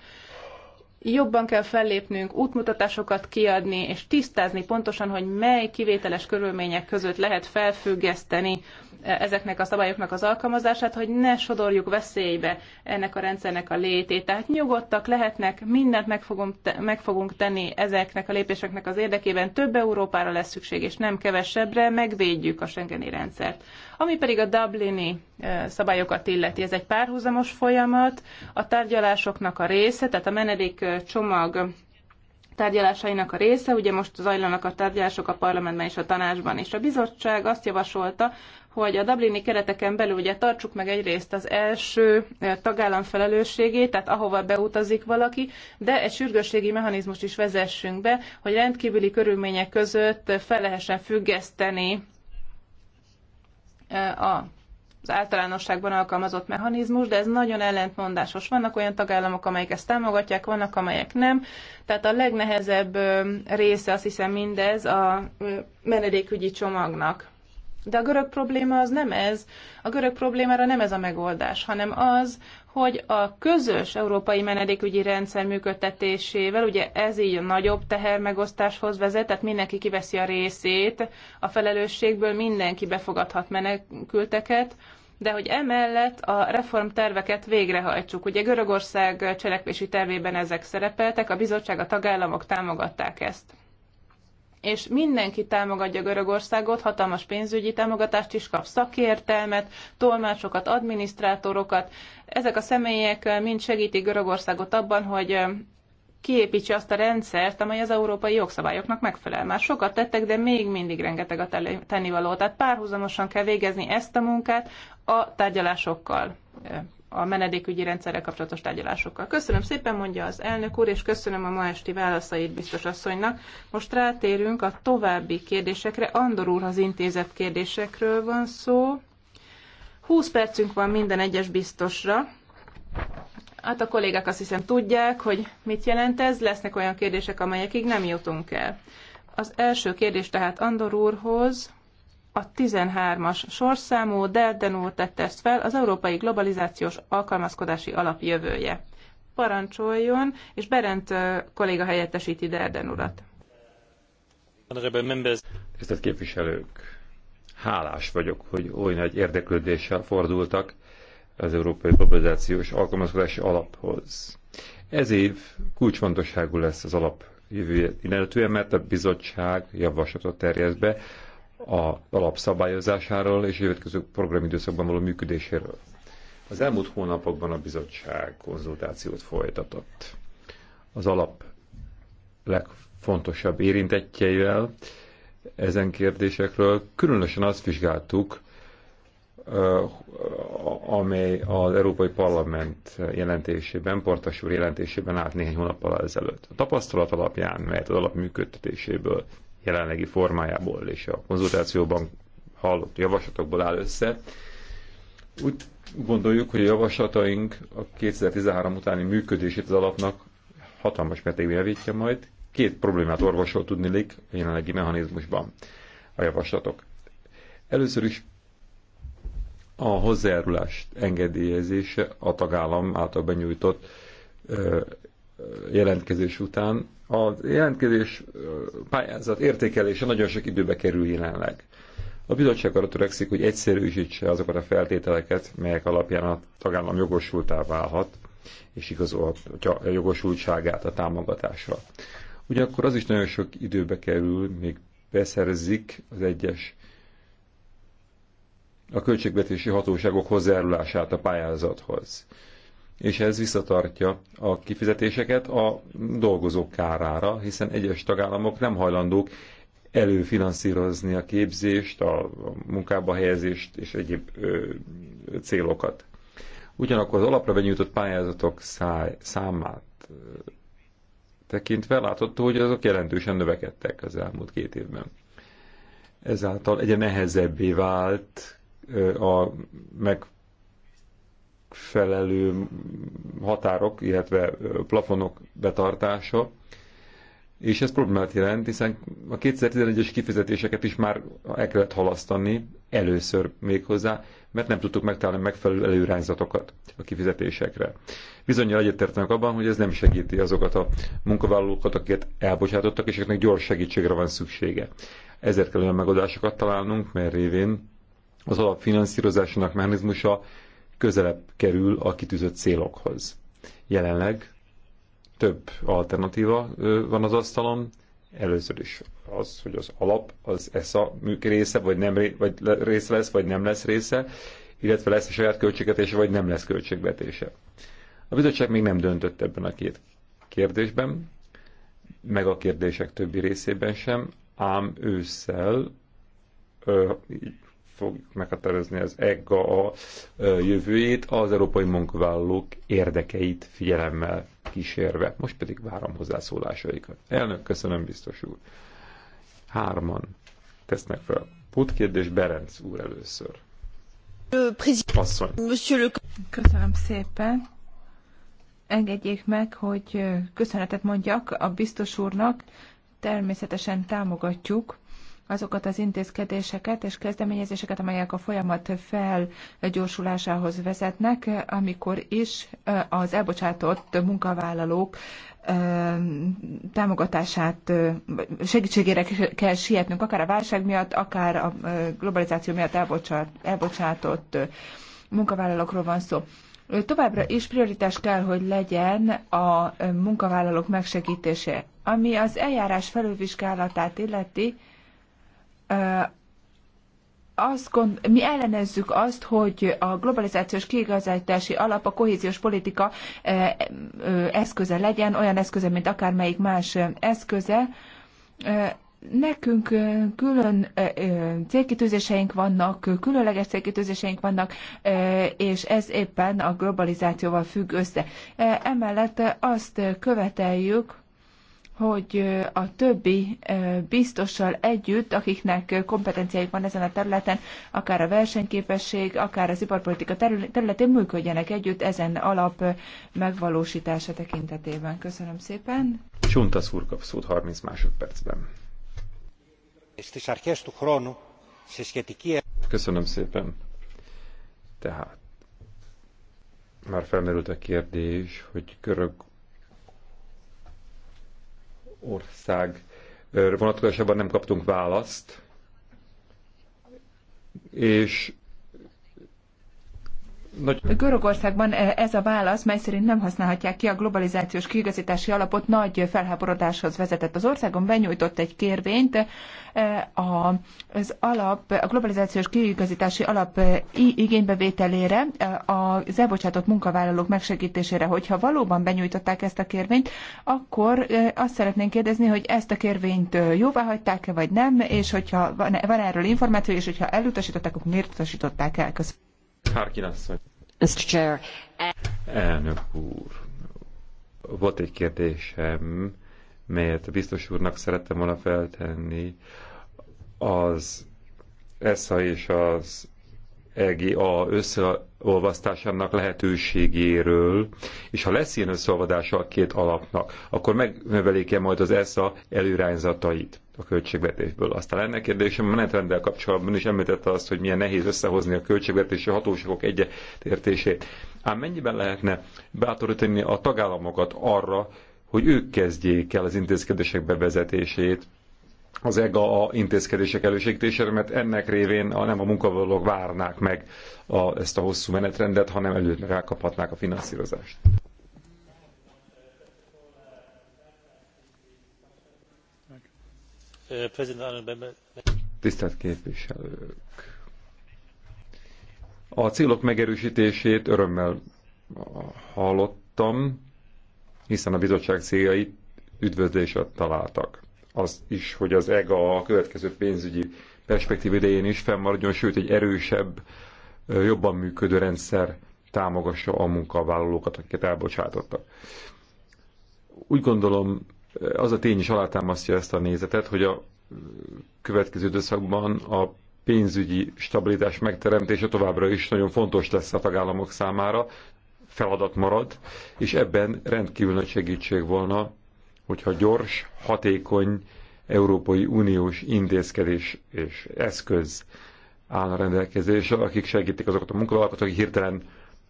Jobban kell fellépnünk, útmutatásokat kiadni, és tisztázni pontosan, hogy mely kivételes körülmények között lehet felfüggeszteni ezeknek a szabályoknak az alkalmazását, hogy ne sodorjuk veszélybe ennek a rendszernek a létét. Tehát nyugodtak lehetnek, mindent meg, fogom te, meg fogunk tenni ezeknek a lépéseknek az érdekében. Több Európára lesz szükség, és nem kevesebbre, megvédjük a Schengeni rendszert. Ami pedig a Dublini szabályokat illeti, ez egy párhuzamos folyamat, a tárgyalásoknak a része, tehát a menedék csomag tárgyalásainak a része, ugye most zajlanak a tárgyalások a parlamentben és a tanácsban is. A bizottság azt javasolta, hogy a Dublini kereteken belül ugye tartsuk meg egyrészt az első tagállam felelősségét, tehát ahova beutazik valaki, de egy sürgősségi mechanizmust is vezessünk be, hogy rendkívüli körülmények között fel lehessen függeszteni a az általánosságban alkalmazott mechanizmus, de ez nagyon ellentmondásos. Vannak olyan tagállamok, amelyek ezt támogatják, vannak, amelyek nem. Tehát a legnehezebb része, azt hiszem, mindez a menedékügyi csomagnak. De a görög probléma az nem ez. A görög problémára nem ez a megoldás, hanem az, hogy a közös európai menedékügyi rendszer működtetésével, ugye ez így a nagyobb tehermegosztáshoz vezet, tehát mindenki kiveszi a részét a felelősségből, mindenki befogadhat menekülteket, de hogy emellett a reformterveket végrehajtsuk. Ugye Görögország cselekvési tervében ezek szerepeltek, a bizottság, a tagállamok támogatták ezt és mindenki támogatja Görögországot, hatalmas pénzügyi támogatást is kap, szakértelmet, tolmácsokat, adminisztrátorokat. Ezek a személyek mind segítik Görögországot abban, hogy kiépítse azt a rendszert, amely az európai jogszabályoknak megfelel. Már sokat tettek, de még mindig rengeteg a tennivaló. Tehát párhuzamosan kell végezni ezt a munkát a tárgyalásokkal eh, a menedékügyi rendszerrel kapcsolatos tárgyalásokkal. Köszönöm szépen, mondja az elnök úr, és köszönöm a ma esti válaszait biztos asszonynak. Most rátérünk a további kérdésekre. Andor az intézet kérdésekről van szó. 20 percünk van minden egyes biztosra. Hát a kollégák azt hiszem tudják, hogy mit jelent ez, lesznek olyan kérdések, amelyekig nem jutunk el. Az első kérdés tehát Andor úrhoz, a 13-as sorszámú Delden úr tette ezt fel, az Európai Globalizációs Alkalmazkodási Alap jövője. Parancsoljon, és Berent kolléga helyettesíti Delden urat. Tisztelt képviselők! Hálás vagyok, hogy oly nagy érdeklődéssel fordultak az Európai Globalizációs Alkalmazkodási Alaphoz. Ez év kulcsfontosságú lesz az alap jövője, illetően mert a bizottság javaslatot terjeszt be a alapszabályozásáról és a következő programidőszakban való működéséről. Az elmúlt hónapokban a bizottság konzultációt folytatott az alap legfontosabb érintettjeivel ezen kérdésekről. Különösen azt vizsgáltuk, amely az Európai Parlament jelentésében, Portas úr jelentésében állt néhány hónappal ezelőtt. A tapasztalat alapján, melyet az alapműködtetéséből, jelenlegi formájából és a konzultációban hallott javaslatokból áll össze, úgy gondoljuk, hogy a javaslataink a 2013 utáni működését az alapnak hatalmas mértékben javítja majd. Két problémát orvosol tudnilik a jelenlegi mechanizmusban a javaslatok. Először is a hozzájárulás engedélyezése a tagállam által benyújtott jelentkezés után. A jelentkezés pályázat értékelése nagyon sok időbe kerül jelenleg. A bizottság arra törekszik, hogy egyszerűsítse azokat a feltételeket, melyek alapján a tagállam jogosultá válhat, és igazolhatja a jogosultságát a támogatásra. Ugyanakkor az is nagyon sok időbe kerül, még beszerzik az egyes a költségvetési hatóságok hozzájárulását a pályázathoz. És ez visszatartja a kifizetéseket a dolgozók kárára, hiszen egyes tagállamok nem hajlandók előfinanszírozni a képzést, a munkába helyezést és egyéb ö, célokat. Ugyanakkor az alapra benyújtott pályázatok száj, számát tekintve látható, hogy azok jelentősen növekedtek az elmúlt két évben. Ezáltal egyre nehezebbé vált a megfelelő határok, illetve plafonok betartása, és ez problémát jelent, hiszen a 2011-es kifizetéseket is már el kellett halasztani először még hozzá, mert nem tudtuk megtalálni megfelelő előirányzatokat a kifizetésekre. Bizonyal egyetértenek abban, hogy ez nem segíti azokat a munkavállalókat, akiket elbocsátottak, és akiknek gyors segítségre van szüksége. Ezért kell olyan megoldásokat találnunk, mert révén az alapfinanszírozásának mechanizmusa közelebb kerül a kitűzött célokhoz. Jelenleg több alternatíva van az asztalon, először is az, hogy az alap az ESA része, vagy, nem, vagy része lesz, vagy nem lesz része, illetve lesz a saját költségvetése, vagy nem lesz költségvetése. A bizottság még nem döntött ebben a két kérdésben, meg a kérdések többi részében sem, ám ősszel fogjuk meghatározni az EGA a jövőjét, az európai munkavállalók érdekeit figyelemmel kísérve. Most pedig várom hozzászólásaikat. Elnök, köszönöm biztos úr. Hárman tesznek fel. Putkérdés Berenc úr először. Asszony. Köszönöm szépen. Engedjék meg, hogy köszönetet mondjak a biztos úrnak. Természetesen támogatjuk azokat az intézkedéseket és kezdeményezéseket, amelyek a folyamat felgyorsulásához vezetnek, amikor is az elbocsátott munkavállalók támogatását, segítségére kell sietnünk, akár a válság miatt, akár a globalizáció miatt elbocsátott munkavállalókról van szó. Továbbra is prioritás kell, hogy legyen a munkavállalók megsegítése. Ami az eljárás felülvizsgálatát illeti, azt gond, mi ellenezzük azt, hogy a globalizációs kiigazítási alap a kohéziós politika eszköze legyen, olyan eszköze, mint akármelyik más eszköze. Nekünk külön célkitűzéseink vannak, különleges célkitűzéseink vannak, és ez éppen a globalizációval függ össze. Emellett azt követeljük, hogy a többi biztossal együtt, akiknek kompetenciáik van ezen a területen, akár a versenyképesség, akár az iparpolitika területén működjenek együtt ezen alap megvalósítása tekintetében. Köszönöm szépen. Csunta úr kap szót 30 másodpercben. Köszönöm szépen. Tehát már felmerült a kérdés, hogy görög ország vonatkozásában nem kaptunk választ, és nagy... Görögországban eh, ez a válasz, mely szerint nem használhatják ki a globalizációs kiigazítási alapot, nagy felháborodáshoz vezetett. Az országon benyújtott egy kérvényt eh, az alap, a globalizációs kiigazítási alap eh, igénybevételére az elbocsátott munkavállalók megsegítésére. Hogyha valóban benyújtották ezt a kérvényt, akkor azt szeretnénk kérdezni, hogy ezt a kérvényt jóvá hagyták-e, vagy nem, és hogyha van, van erről információ, és hogyha elutasították, akkor miért utasították el? Köszönöm. Harkin asszony. Mr. Chair. Elnök úr, volt egy kérdésem, melyet a biztos úrnak szerettem volna feltenni. Az ESZA és az EGA összeolvasztásának lehetőségéről, és ha lesz ilyen összeolvadása a két alapnak, akkor megnövelik-e majd az ESZA előrányzatait? a költségvetésből. Aztán lenne kérdésem, a menetrenddel kapcsolatban is említette azt, hogy milyen nehéz összehozni a költségvetési hatóságok egyetértését. Ám mennyiben lehetne bátorítani a tagállamokat arra, hogy ők kezdjék el az intézkedések bevezetését, az EGA a intézkedések elősegítésére, mert ennek révén a, nem a munkavállalók várnák meg a, ezt a hosszú menetrendet, hanem előtt rákaphatnák a finanszírozást. Tisztelt képviselők! A célok megerősítését örömmel hallottam, hiszen a bizottság céljait üdvözlésre találtak. Az is, hogy az EGA a következő pénzügyi perspektív idején is fennmaradjon, sőt egy erősebb, jobban működő rendszer támogassa a munkavállalókat, akiket elbocsátottak. Úgy gondolom, az a tény is alátámasztja ezt a nézetet, hogy a következő időszakban a pénzügyi stabilitás megteremtése továbbra is nagyon fontos lesz a tagállamok számára, feladat marad, és ebben rendkívül nagy segítség volna, hogyha gyors, hatékony Európai Uniós intézkedés és eszköz áll a rendelkezésre, akik segítik azokat a munkavállalókat, akik hirtelen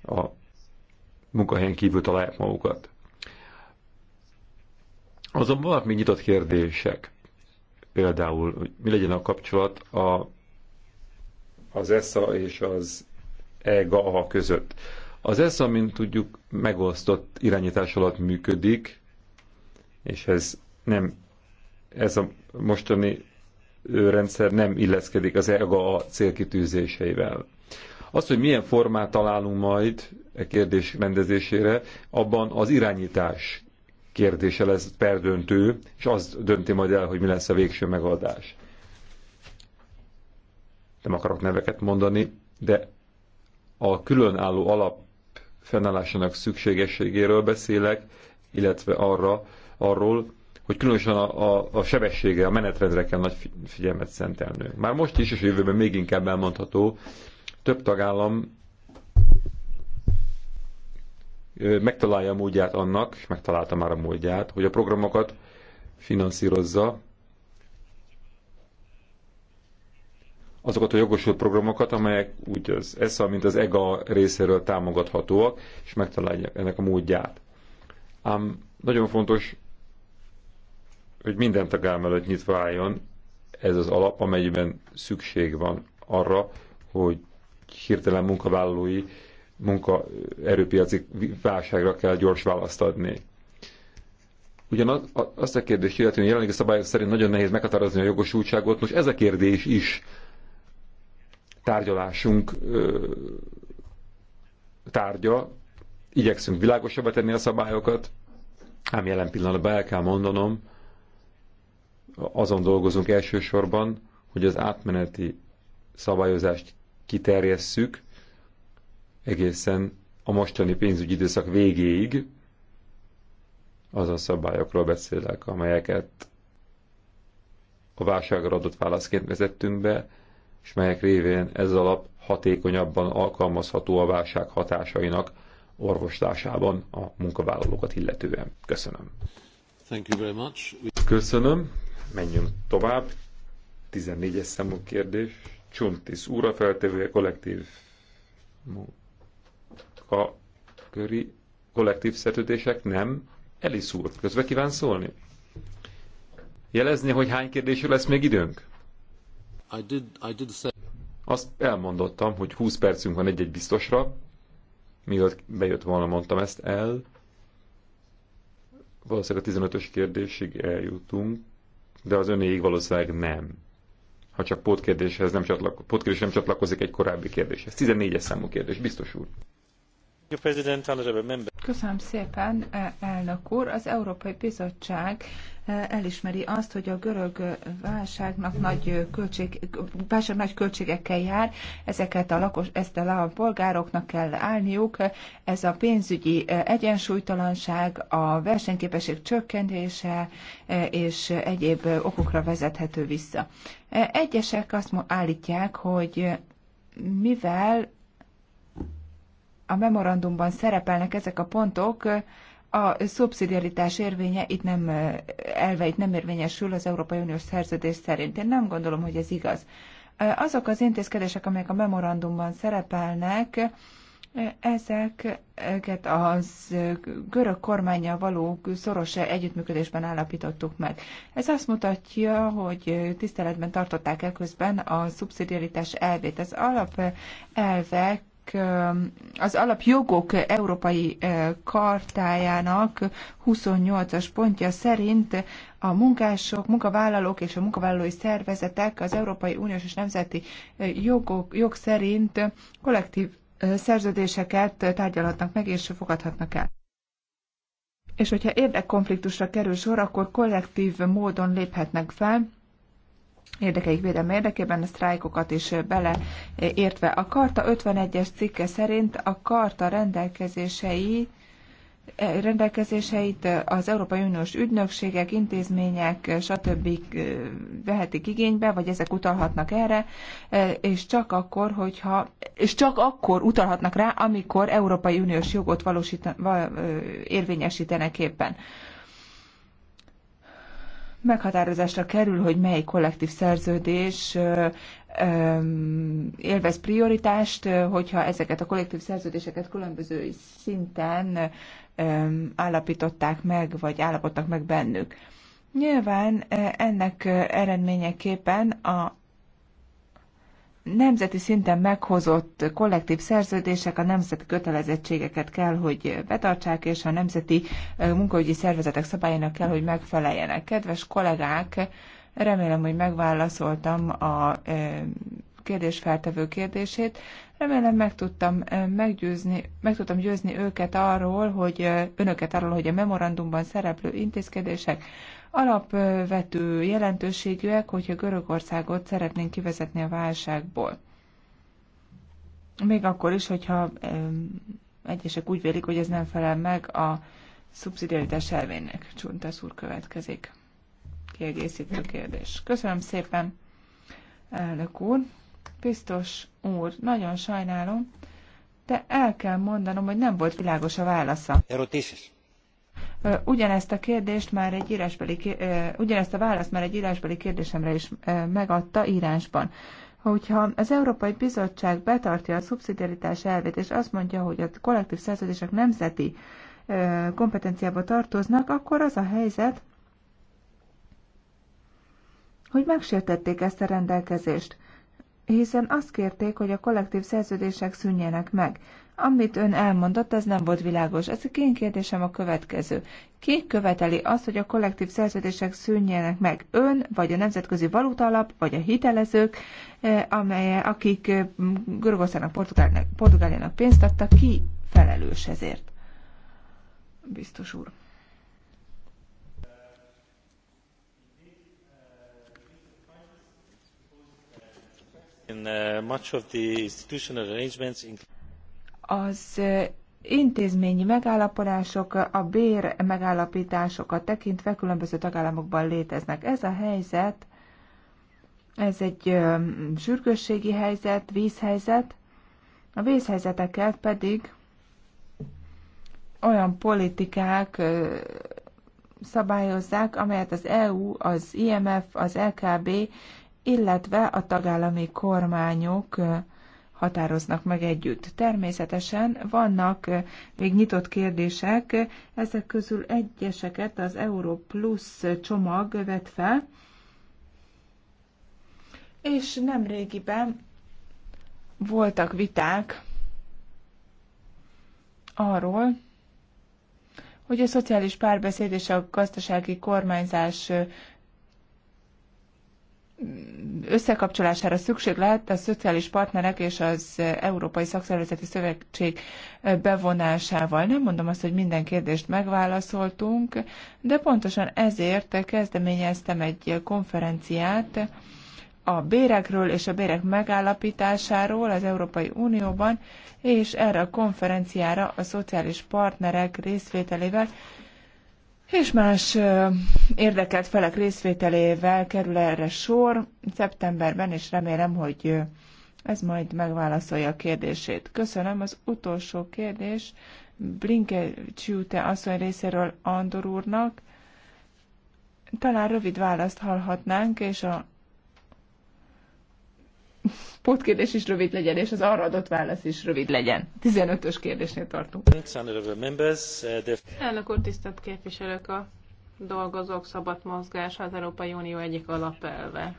a munkahelyen kívül találják magukat. Azonban vannak még nyitott kérdések. Például, hogy mi legyen a kapcsolat a, az ESA és az EGA között. Az ESA, mint tudjuk, megosztott irányítás alatt működik, és ez nem, ez a mostani rendszer nem illeszkedik az EGA célkitűzéseivel. Az, hogy milyen formát találunk majd a e kérdés rendezésére, abban az irányítás kérdése lesz perdöntő, és az dönti majd el, hogy mi lesz a végső megoldás. Nem akarok neveket mondani, de a különálló alap fennállásának szükségességéről beszélek, illetve arra, arról, hogy különösen a, a, a sebessége, a menetrendre kell nagy figyelmet szentelnünk. Már most is, és a jövőben még inkább elmondható, több tagállam megtalálja a módját annak, megtalálta már a módját, hogy a programokat finanszírozza, azokat a jogosult programokat, amelyek úgy az ESA, mint az EGA részéről támogathatóak, és megtalálják ennek a módját. Ám nagyon fontos, hogy minden tagállam előtt nyitva álljon ez az alap, amelyben szükség van arra, hogy hirtelen munkavállalói munkaerőpiaci válságra kell gyors választ adni. Ugyan azt a kérdést illetően, hogy jelenlegi szabályok szerint nagyon nehéz meghatározni a jogosultságot, most ez a kérdés is tárgyalásunk tárgya, igyekszünk világosabbá tenni a szabályokat, ám jelen pillanatban el kell mondanom, azon dolgozunk elsősorban, hogy az átmeneti szabályozást kiterjesszük, egészen a mostani pénzügyi időszak végéig azon szabályokról beszélek, amelyeket a válságra adott válaszként vezettünk be, és melyek révén ez alap hatékonyabban alkalmazható a válság hatásainak orvoslásában a munkavállalókat illetően. Köszönöm. Thank you very much. Köszönöm. Menjünk tovább. 14-es számú kérdés. Csuntis úra feltevője kollektív a köri kollektív szerződések nem. Elis úr, közbe kíván szólni? Jelezni, hogy hány kérdésű lesz még időnk? I did, I did say... Azt elmondottam, hogy 20 percünk van egy-egy biztosra. Mielőtt bejött volna, mondtam ezt el. Valószínűleg a 15-ös kérdésig eljutunk, de az önéig valószínűleg nem. Ha csak pótkérdéshez nem, csatlako- pótkérdés nem csatlakozik egy korábbi kérdéshez. 14-es számú kérdés, biztos úr. Köszönöm szépen, e, elnök úr. Az Európai Bizottság e, elismeri azt, hogy a görög válságnak nagy, költség, válság nagy költségekkel jár, ezeket a lakos, ezt a polgároknak kell állniuk, ez a pénzügyi e, egyensúlytalanság, a versenyképesség csökkentése és egyéb okokra vezethető vissza. Egyesek azt állítják, hogy mivel a memorandumban szerepelnek ezek a pontok, a szubszidiaritás érvénye itt nem, elve itt nem érvényesül az Európai Uniós szerződés szerint. Én nem gondolom, hogy ez igaz. Azok az intézkedések, amelyek a memorandumban szerepelnek, ezeket az görög kormánya való szoros együttműködésben állapítottuk meg. Ez azt mutatja, hogy tiszteletben tartották el közben a szubszidiaritás elvét. Az alapelvek az alapjogok európai kartájának 28-as pontja szerint a munkások, munkavállalók és a munkavállalói szervezetek az Európai Uniós és Nemzeti jogok, jog szerint kollektív szerződéseket tárgyalhatnak meg és fogadhatnak el. És hogyha érdekkonfliktusra kerül sor, akkor kollektív módon léphetnek fel, érdekeik védelme érdekében a sztrájkokat is beleértve. A karta 51-es cikke szerint a karta rendelkezései rendelkezéseit az Európai Uniós ügynökségek, intézmények, stb. vehetik igénybe, vagy ezek utalhatnak erre, és csak akkor, hogyha, és csak akkor utalhatnak rá, amikor Európai Uniós jogot valósítan, érvényesítenek éppen meghatározásra kerül, hogy mely kollektív szerződés élvez prioritást, hogyha ezeket a kollektív szerződéseket különböző szinten állapították meg, vagy állapodtak meg bennük. Nyilván ennek eredményeképpen a nemzeti szinten meghozott kollektív szerződések a nemzeti kötelezettségeket kell, hogy betartsák, és a nemzeti munkaügyi szervezetek szabályának kell, hogy megfeleljenek. Kedves kollégák, remélem, hogy megválaszoltam a kérdésfeltevő kérdését. Remélem meg tudtam meggyőzni, meg tudtam győzni őket arról, hogy önöket arról, hogy a memorandumban szereplő intézkedések alapvető jelentőségűek, hogyha Görögországot szeretnénk kivezetni a válságból. Még akkor is, hogyha egyesek úgy vélik, hogy ez nem felel meg a szubszidiaritás elvének. Csuntasz úr következik. Kiegészítő kérdés. Köszönöm szépen, elnök úr. Biztos úr, nagyon sajnálom, de el kell mondanom, hogy nem volt világos a válasza. Erotésis. Ugyanezt a kérdést már egy írásbeli, ugyanezt a választ már egy írásbeli kérdésemre is megadta írásban. Hogyha az Európai Bizottság betartja a szubszidiaritás elvét, és azt mondja, hogy a kollektív szerződések nemzeti kompetenciába tartoznak, akkor az a helyzet, hogy megsértették ezt a rendelkezést, hiszen azt kérték, hogy a kollektív szerződések szűnjenek meg. Amit ön elmondott, ez nem volt világos. Ez én kérdésem a következő. Ki követeli azt, hogy a kollektív szerződések szűnjenek meg? Ön, vagy a Nemzetközi Valutalap, vagy a hitelezők, eh, amely, akik eh, Görögországnak, Portugáliának pénzt adtak, ki felelős ezért? Biztos úr. In uh, much of the institutional arrangements, including az intézményi megállapodások a bér megállapításokat tekintve különböző tagállamokban léteznek. Ez a helyzet, ez egy sürgősségi helyzet, vízhelyzet, a vízhelyzeteket pedig olyan politikák szabályozzák, amelyet az EU, az IMF, az LKB, e illetve a tagállami kormányok határoznak meg együtt. Természetesen vannak eh, még nyitott kérdések, ezek közül egyeseket az Euro Plus csomag vet fel, és nem régiben voltak viták arról, hogy a szociális párbeszéd és a gazdasági kormányzás eh, összekapcsolására szükség lehet a szociális partnerek és az Európai Szakszervezeti Szövetség bevonásával. Nem mondom azt, hogy minden kérdést megválaszoltunk, de pontosan ezért kezdeményeztem egy konferenciát a bérekről és a bérek megállapításáról az Európai Unióban, és erre a konferenciára a szociális partnerek részvételével és más érdekelt felek részvételével kerül erre sor szeptemberben, és remélem, hogy ez majd megválaszolja a kérdését. Köszönöm. Az utolsó kérdés Blinke Csiute asszony részéről Andor úrnak. Talán rövid választ hallhatnánk, és a pótkérdés is rövid legyen, és az arra adott válasz is rövid legyen. 15-ös kérdésnél tartunk. Elnök úr, tisztelt képviselők, a dolgozók szabad mozgása az Európai Unió egyik alapelve.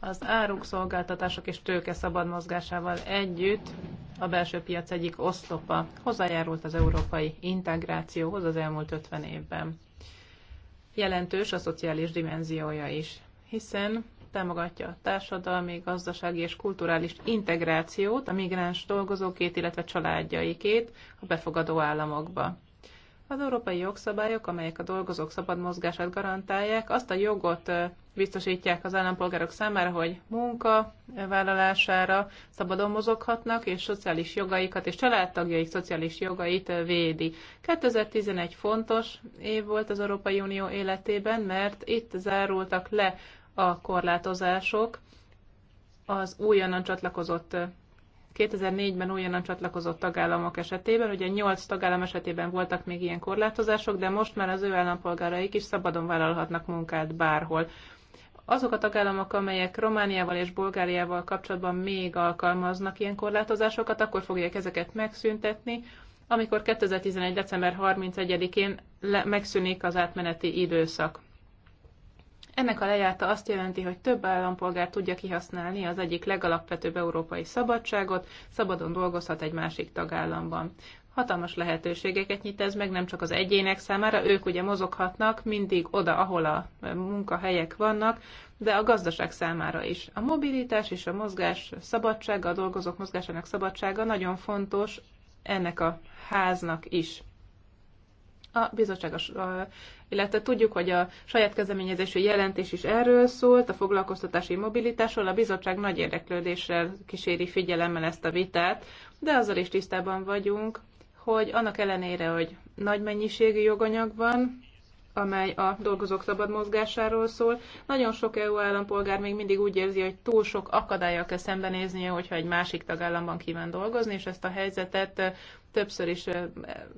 Az áruk, szolgáltatások és tőke szabad mozgásával együtt a belső piac egyik oszlopa hozzájárult az európai integrációhoz az elmúlt 50 évben. Jelentős a szociális dimenziója is, hiszen támogatja a társadalmi, gazdasági és kulturális integrációt a migráns dolgozókét, illetve családjaikét a befogadó államokba. Az európai jogszabályok, amelyek a dolgozók szabad mozgását garantálják, azt a jogot biztosítják az állampolgárok számára, hogy munka vállalására szabadon mozoghatnak, és szociális jogaikat és családtagjaik szociális jogait védi. 2011 fontos év volt az Európai Unió életében, mert itt zárultak le a korlátozások az újonnan csatlakozott 2004-ben újonnan csatlakozott tagállamok esetében, ugye 8 tagállam esetében voltak még ilyen korlátozások, de most már az ő állampolgáraik is szabadon vállalhatnak munkát bárhol. Azok a tagállamok, amelyek Romániával és Bulgáriával kapcsolatban még alkalmaznak ilyen korlátozásokat, akkor fogják ezeket megszüntetni, amikor 2011. december 31-én megszűnik az átmeneti időszak. Ennek a lejárta azt jelenti, hogy több állampolgár tudja kihasználni az egyik legalapvetőbb európai szabadságot, szabadon dolgozhat egy másik tagállamban. Hatalmas lehetőségeket nyit ez meg nem csak az egyének számára, ők ugye mozoghatnak mindig oda, ahol a munkahelyek vannak, de a gazdaság számára is. A mobilitás és a mozgás szabadsága, a dolgozók mozgásának szabadsága nagyon fontos ennek a háznak is a bizottságos, illetve tudjuk, hogy a saját kezdeményezésű jelentés is erről szólt, a foglalkoztatási mobilitásról, a bizottság nagy érdeklődéssel kíséri figyelemmel ezt a vitát, de azzal is tisztában vagyunk, hogy annak ellenére, hogy nagy mennyiségű joganyag van, amely a dolgozók szabad mozgásáról szól. Nagyon sok EU állampolgár még mindig úgy érzi, hogy túl sok akadályjal kell szembenéznie, hogyha egy másik tagállamban kíván dolgozni, és ezt a helyzetet eh, többször is, eh,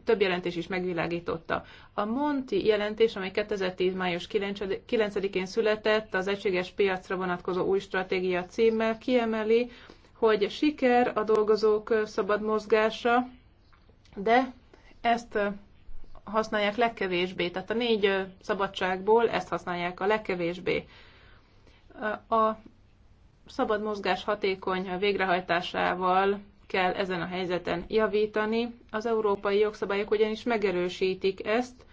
több jelentés is megvilágította. A Monti jelentés, amely 2010. május 9-én született, az egységes piacra vonatkozó új stratégia címmel kiemeli, hogy siker a dolgozók eh, szabad mozgása, de ezt használják legkevésbé. Tehát a négy szabadságból ezt használják a legkevésbé. A szabad mozgás hatékony végrehajtásával kell ezen a helyzeten javítani. Az európai jogszabályok ugyanis megerősítik ezt,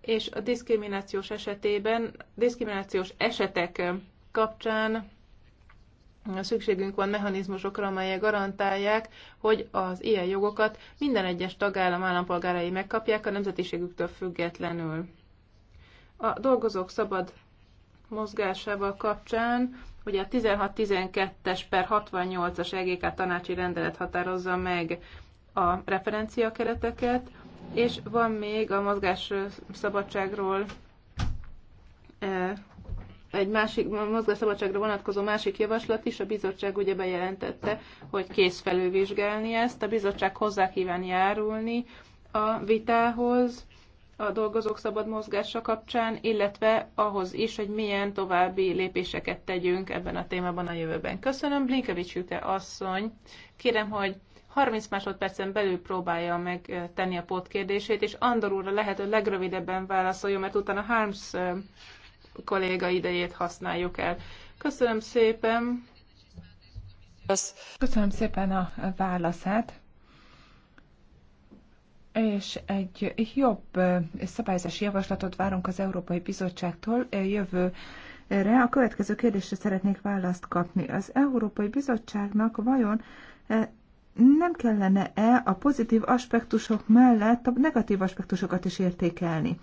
és a diszkriminációs esetében, diszkriminációs esetek kapcsán szükségünk van mechanizmusokra, amelyek garantálják, hogy az ilyen jogokat minden egyes tagállam állampolgárai megkapják a nemzetiségüktől függetlenül. A dolgozók szabad mozgásával kapcsán ugye a 16-12-es per 68-as EGK tanácsi rendelet határozza meg a referencia kereteket, és van még a mozgás szabadságról egy másik mozgásszabadságra vonatkozó másik javaslat is, a bizottság ugye bejelentette, hogy kész felülvizsgálni ezt, a bizottság hozzá kíván járulni a vitához, a dolgozók szabad mozgása kapcsán, illetve ahhoz is, hogy milyen további lépéseket tegyünk ebben a témában a jövőben. Köszönöm, Blinkevics Jute asszony. Kérem, hogy 30 másodpercen belül próbálja meg eh, tenni a pótkérdését, és Andor úrra lehet, hogy legrövidebben válaszoljon, mert utána Harms eh, kolléga idejét használjuk el. Köszönöm szépen! Köszönöm szépen a válaszát! és egy jobb szabályozási javaslatot várunk az Európai Bizottságtól jövő a következő kérdésre szeretnék választ kapni. Az Európai Bizottságnak vajon eh, nem kellene-e a pozitív aspektusok mellett a negatív aspektusokat is értékelni?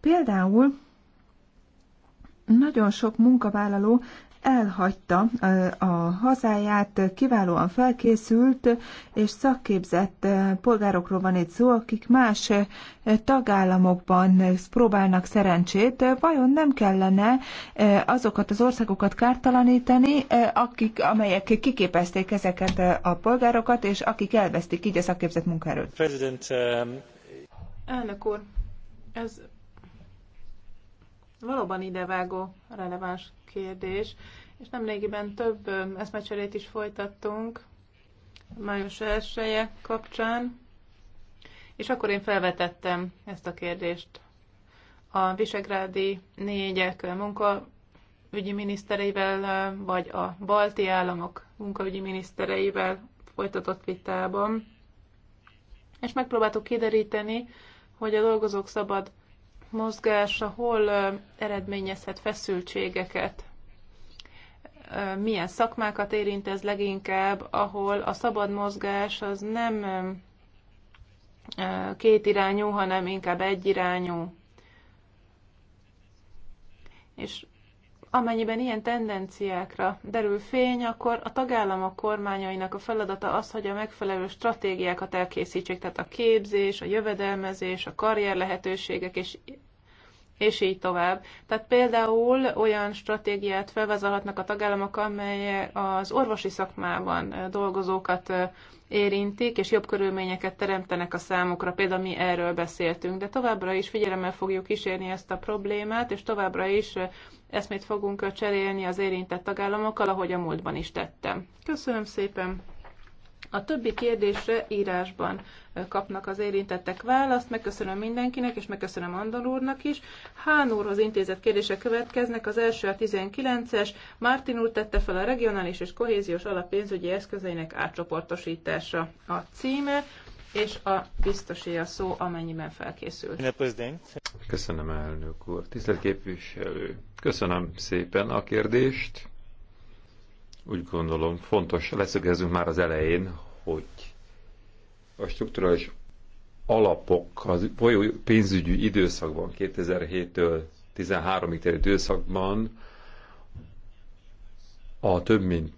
Például nagyon sok munkavállaló elhagyta a hazáját, kiválóan felkészült és szakképzett polgárokról van itt szó, akik más tagállamokban próbálnak szerencsét. Vajon nem kellene azokat az országokat kártalanítani, akik, amelyek kiképezték ezeket a polgárokat, és akik elvesztik így a szakképzett munkaerőt? President, um, Elnök úr, ez valóban idevágó releváns kérdés, és nem nemrégiben több eszmecserét is folytattunk május 1 -e kapcsán, és akkor én felvetettem ezt a kérdést. A visegrádi négyek munkaügyi minisztereivel, vagy a balti államok munkaügyi minisztereivel folytatott vitában, és megpróbáltuk kideríteni, hogy a dolgozók szabad mozgása hol eredményezhet feszültségeket? Milyen szakmákat érint ez leginkább, ahol a szabad mozgás az nem kétirányú, hanem inkább egyirányú? És Amennyiben ilyen tendenciákra derül fény, akkor a tagállamok kormányainak a feladata az, hogy a megfelelő stratégiákat elkészítsék, tehát a képzés, a jövedelmezés, a karrier lehetőségek és és így tovább. Tehát például olyan stratégiát felvezelhetnek a tagállamok, amely az orvosi szakmában dolgozókat érintik, és jobb körülményeket teremtenek a számukra. Például mi erről beszéltünk, de továbbra is figyelemmel fogjuk kísérni ezt a problémát, és továbbra is eszmét fogunk cserélni az érintett tagállamokkal, ahogy a múltban is tettem. Köszönöm szépen! A többi kérdésre írásban kapnak az érintettek választ. Megköszönöm mindenkinek, és megköszönöm Andor úrnak is. Hán úrhoz intézett kérdések következnek. Az első a 19-es. Mártin úr tette fel a regionális és kohéziós alappénzügyi eszközeinek átcsoportosítása a címe, és a biztosé a szó, amennyiben felkészült. Köszönöm, elnök úr. Tisztelt képviselő, köszönöm szépen a kérdést úgy gondolom, fontos leszögezzünk már az elején, hogy a struktúrális alapok az folyó pénzügyi időszakban, 2007-től 13-ig terjedő időszakban a több mint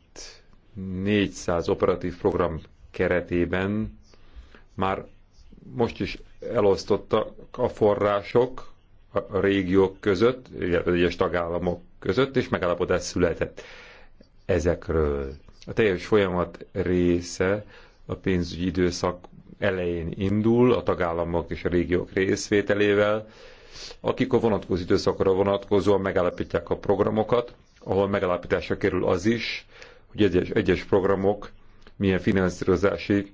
400 operatív program keretében már most is elosztottak a források a régiók között, illetve egyes tagállamok között, és megállapodás született ezekről. A teljes folyamat része a pénzügyi időszak elején indul, a tagállamok és a régiók részvételével, akik a vonatkozó időszakra vonatkozóan megállapítják a programokat, ahol megállapításra kerül az is, hogy egyes, egyes programok milyen finanszírozási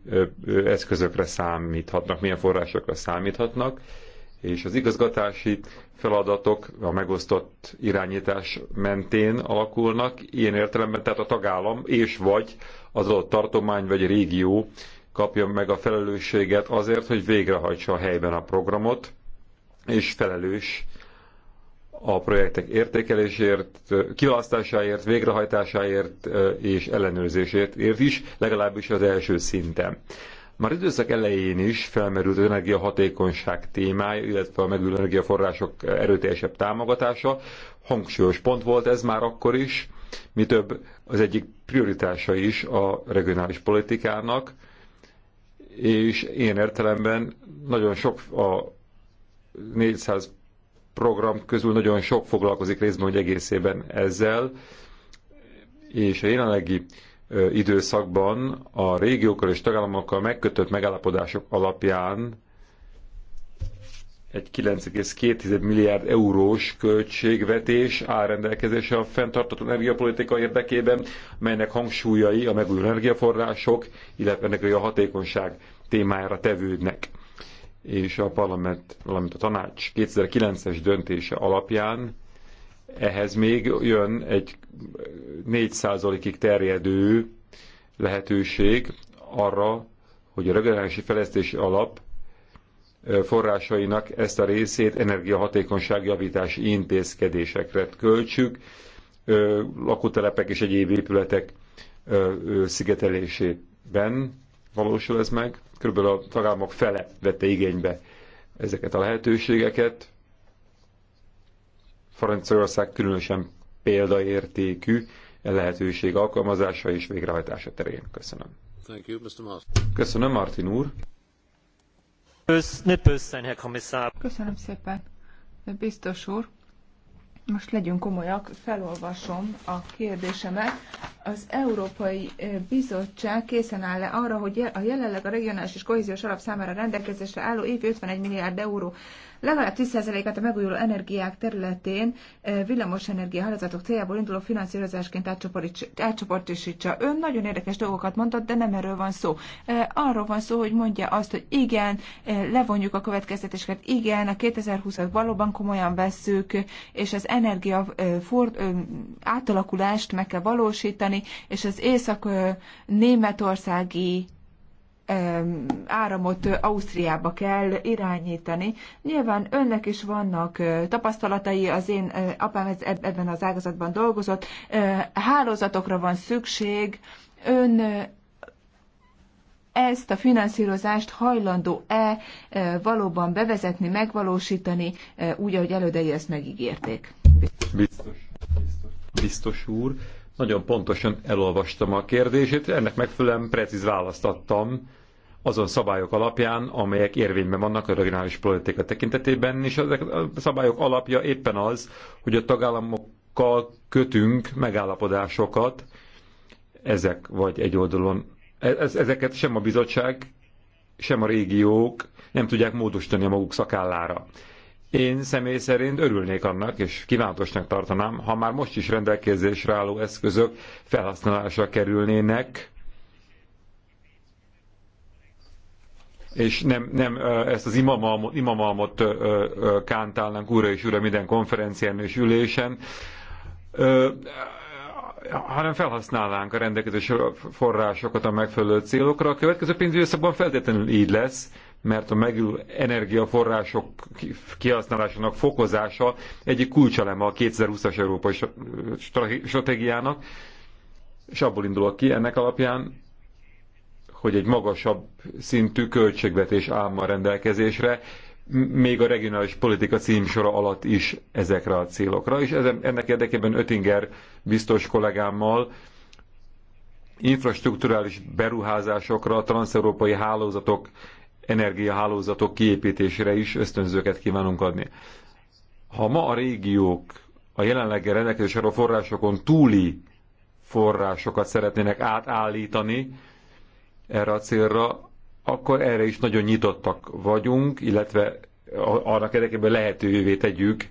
eszközökre számíthatnak, milyen forrásokra számíthatnak, és az igazgatási feladatok a megosztott irányítás mentén alakulnak, ilyen értelemben tehát a tagállam és vagy az adott tartomány vagy régió kapja meg a felelősséget azért, hogy végrehajtsa a helyben a programot, és felelős a projektek értékelésért, kiválasztásáért, végrehajtásáért és ellenőrzésért ért is, legalábbis az első szinten. Már időszak elején is felmerült az energiahatékonyság témája, illetve a megülő energiaforrások erőteljesebb támogatása. Hangsúlyos pont volt ez már akkor is, mi több az egyik prioritása is a regionális politikának, és én értelemben nagyon sok a 400 program közül nagyon sok foglalkozik részben, hogy egészében ezzel, és a jelenlegi időszakban a régiókkal és tagállamokkal megkötött megállapodások alapján egy 9,2 milliárd eurós költségvetés áll rendelkezésre a fenntartató energiapolitika érdekében, melynek hangsúlyai a megújuló energiaforrások, illetve ennek a hatékonyság témájára tevődnek. És a parlament, valamint a tanács 2009-es döntése alapján ehhez még jön egy 4%-ig terjedő lehetőség arra, hogy a regionális fejlesztési alap forrásainak ezt a részét energiahatékonyság javítási intézkedésekre költsük, lakótelepek és egyéb épületek szigetelésében valósul ez meg. Körülbelül a tagállamok fele vette igénybe ezeket a lehetőségeket. Franciaország különösen példaértékű lehetőség alkalmazása és végrehajtása terén. Köszönöm. Thank you, Mr. Martin. Köszönöm, Martin úr. Köszönöm szépen, biztos úr. Most legyünk komolyak, felolvasom a kérdésemet. Az Európai Bizottság készen áll-e arra, hogy a jelenleg a regionális és kohéziós alap számára rendelkezésre álló évi 51 milliárd euró legalább 10%-át a megújuló energiák területén eh, villamosenergia hálózatok céljából induló finanszírozásként átcsoportosítsa. Ön nagyon érdekes dolgokat mondott, de nem erről van szó. Eh, arról van szó, hogy mondja azt, hogy igen, eh, levonjuk a következtetéseket, igen, a 2020-at valóban komolyan vesszük, és az energia átalakulást meg kell valósítani, és az észak-németországi áramot Ausztriába kell irányítani. Nyilván önnek is vannak tapasztalatai, az én apám ebben az ágazatban dolgozott. Hálózatokra van szükség. Ön ezt a finanszírozást hajlandó-e valóban bevezetni, megvalósítani, úgy, ahogy elődei ezt megígérték? Biztos. Biztos, Biztos úr. Nagyon pontosan elolvastam a kérdését, ennek megfelelően precíz választ adtam azon szabályok alapján, amelyek érvényben vannak a regionális politika tekintetében, és ezek a szabályok alapja éppen az, hogy a tagállamokkal kötünk megállapodásokat, ezek vagy egy oldalon, e- ezeket sem a bizottság, sem a régiók nem tudják módosítani a maguk szakállára. Én személy szerint örülnék annak, és kívánatosnak tartanám, ha már most is rendelkezésre álló eszközök felhasználásra kerülnének, és nem, nem ezt az imamalmot, imamalmot kántálnánk újra és újra minden konferencián és ülésen, hanem felhasználnánk a rendelkezés forrásokat a megfelelő célokra. A következő pénzügyi szabban feltétlenül így lesz, mert a megülő energiaforrások kihasználásának fokozása egyik kulcselem a 2020-as európai stratégiának, és abból indulok ki ennek alapján, hogy egy magasabb szintű költségvetés áll rendelkezésre, még a regionális politika címsora alatt is ezekre a célokra, és ennek érdekében Ötinger biztos kollégámmal infrastruktúrális beruházásokra, transzeurópai hálózatok energiahálózatok kiépítésére is ösztönzőket kívánunk adni. Ha ma a régiók a jelenleg rendelkezésre a forrásokon túli forrásokat szeretnének átállítani erre a célra, akkor erre is nagyon nyitottak vagyunk, illetve annak érdekében lehetővé tegyük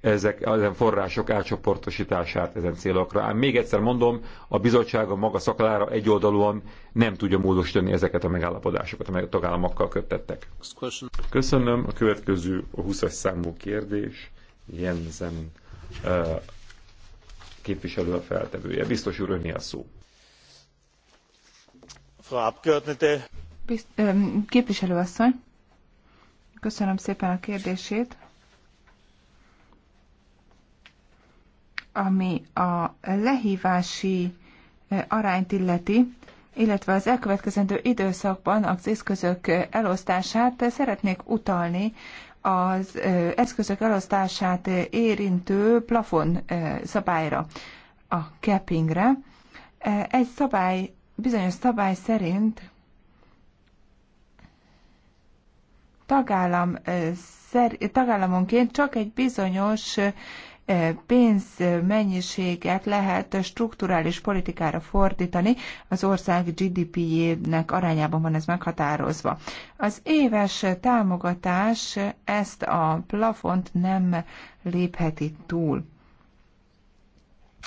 ezek, ezen források átcsoportosítását ezen célokra. Ám még egyszer mondom, a bizottság a maga szaklára egyoldalúan nem tudja módosítani ezeket a megállapodásokat, amelyek a tagállamokkal kötettek. Köszönöm. A következő a 20-as számú kérdés. Jensen uh, képviselő a feltevője. Biztos úr, mi a szó? képviselő képviselőasszony, köszönöm szépen a kérdését. ami a lehívási arányt illeti, illetve az elkövetkezendő időszakban az eszközök elosztását szeretnék utalni az eszközök elosztását érintő plafon szabályra, a cappingre. Egy szabály, bizonyos szabály szerint tagállam, tagállamonként csak egy bizonyos pénzmennyiséget lehet strukturális politikára fordítani, az ország GDP-jének arányában van ez meghatározva. Az éves támogatás ezt a plafont nem lépheti túl.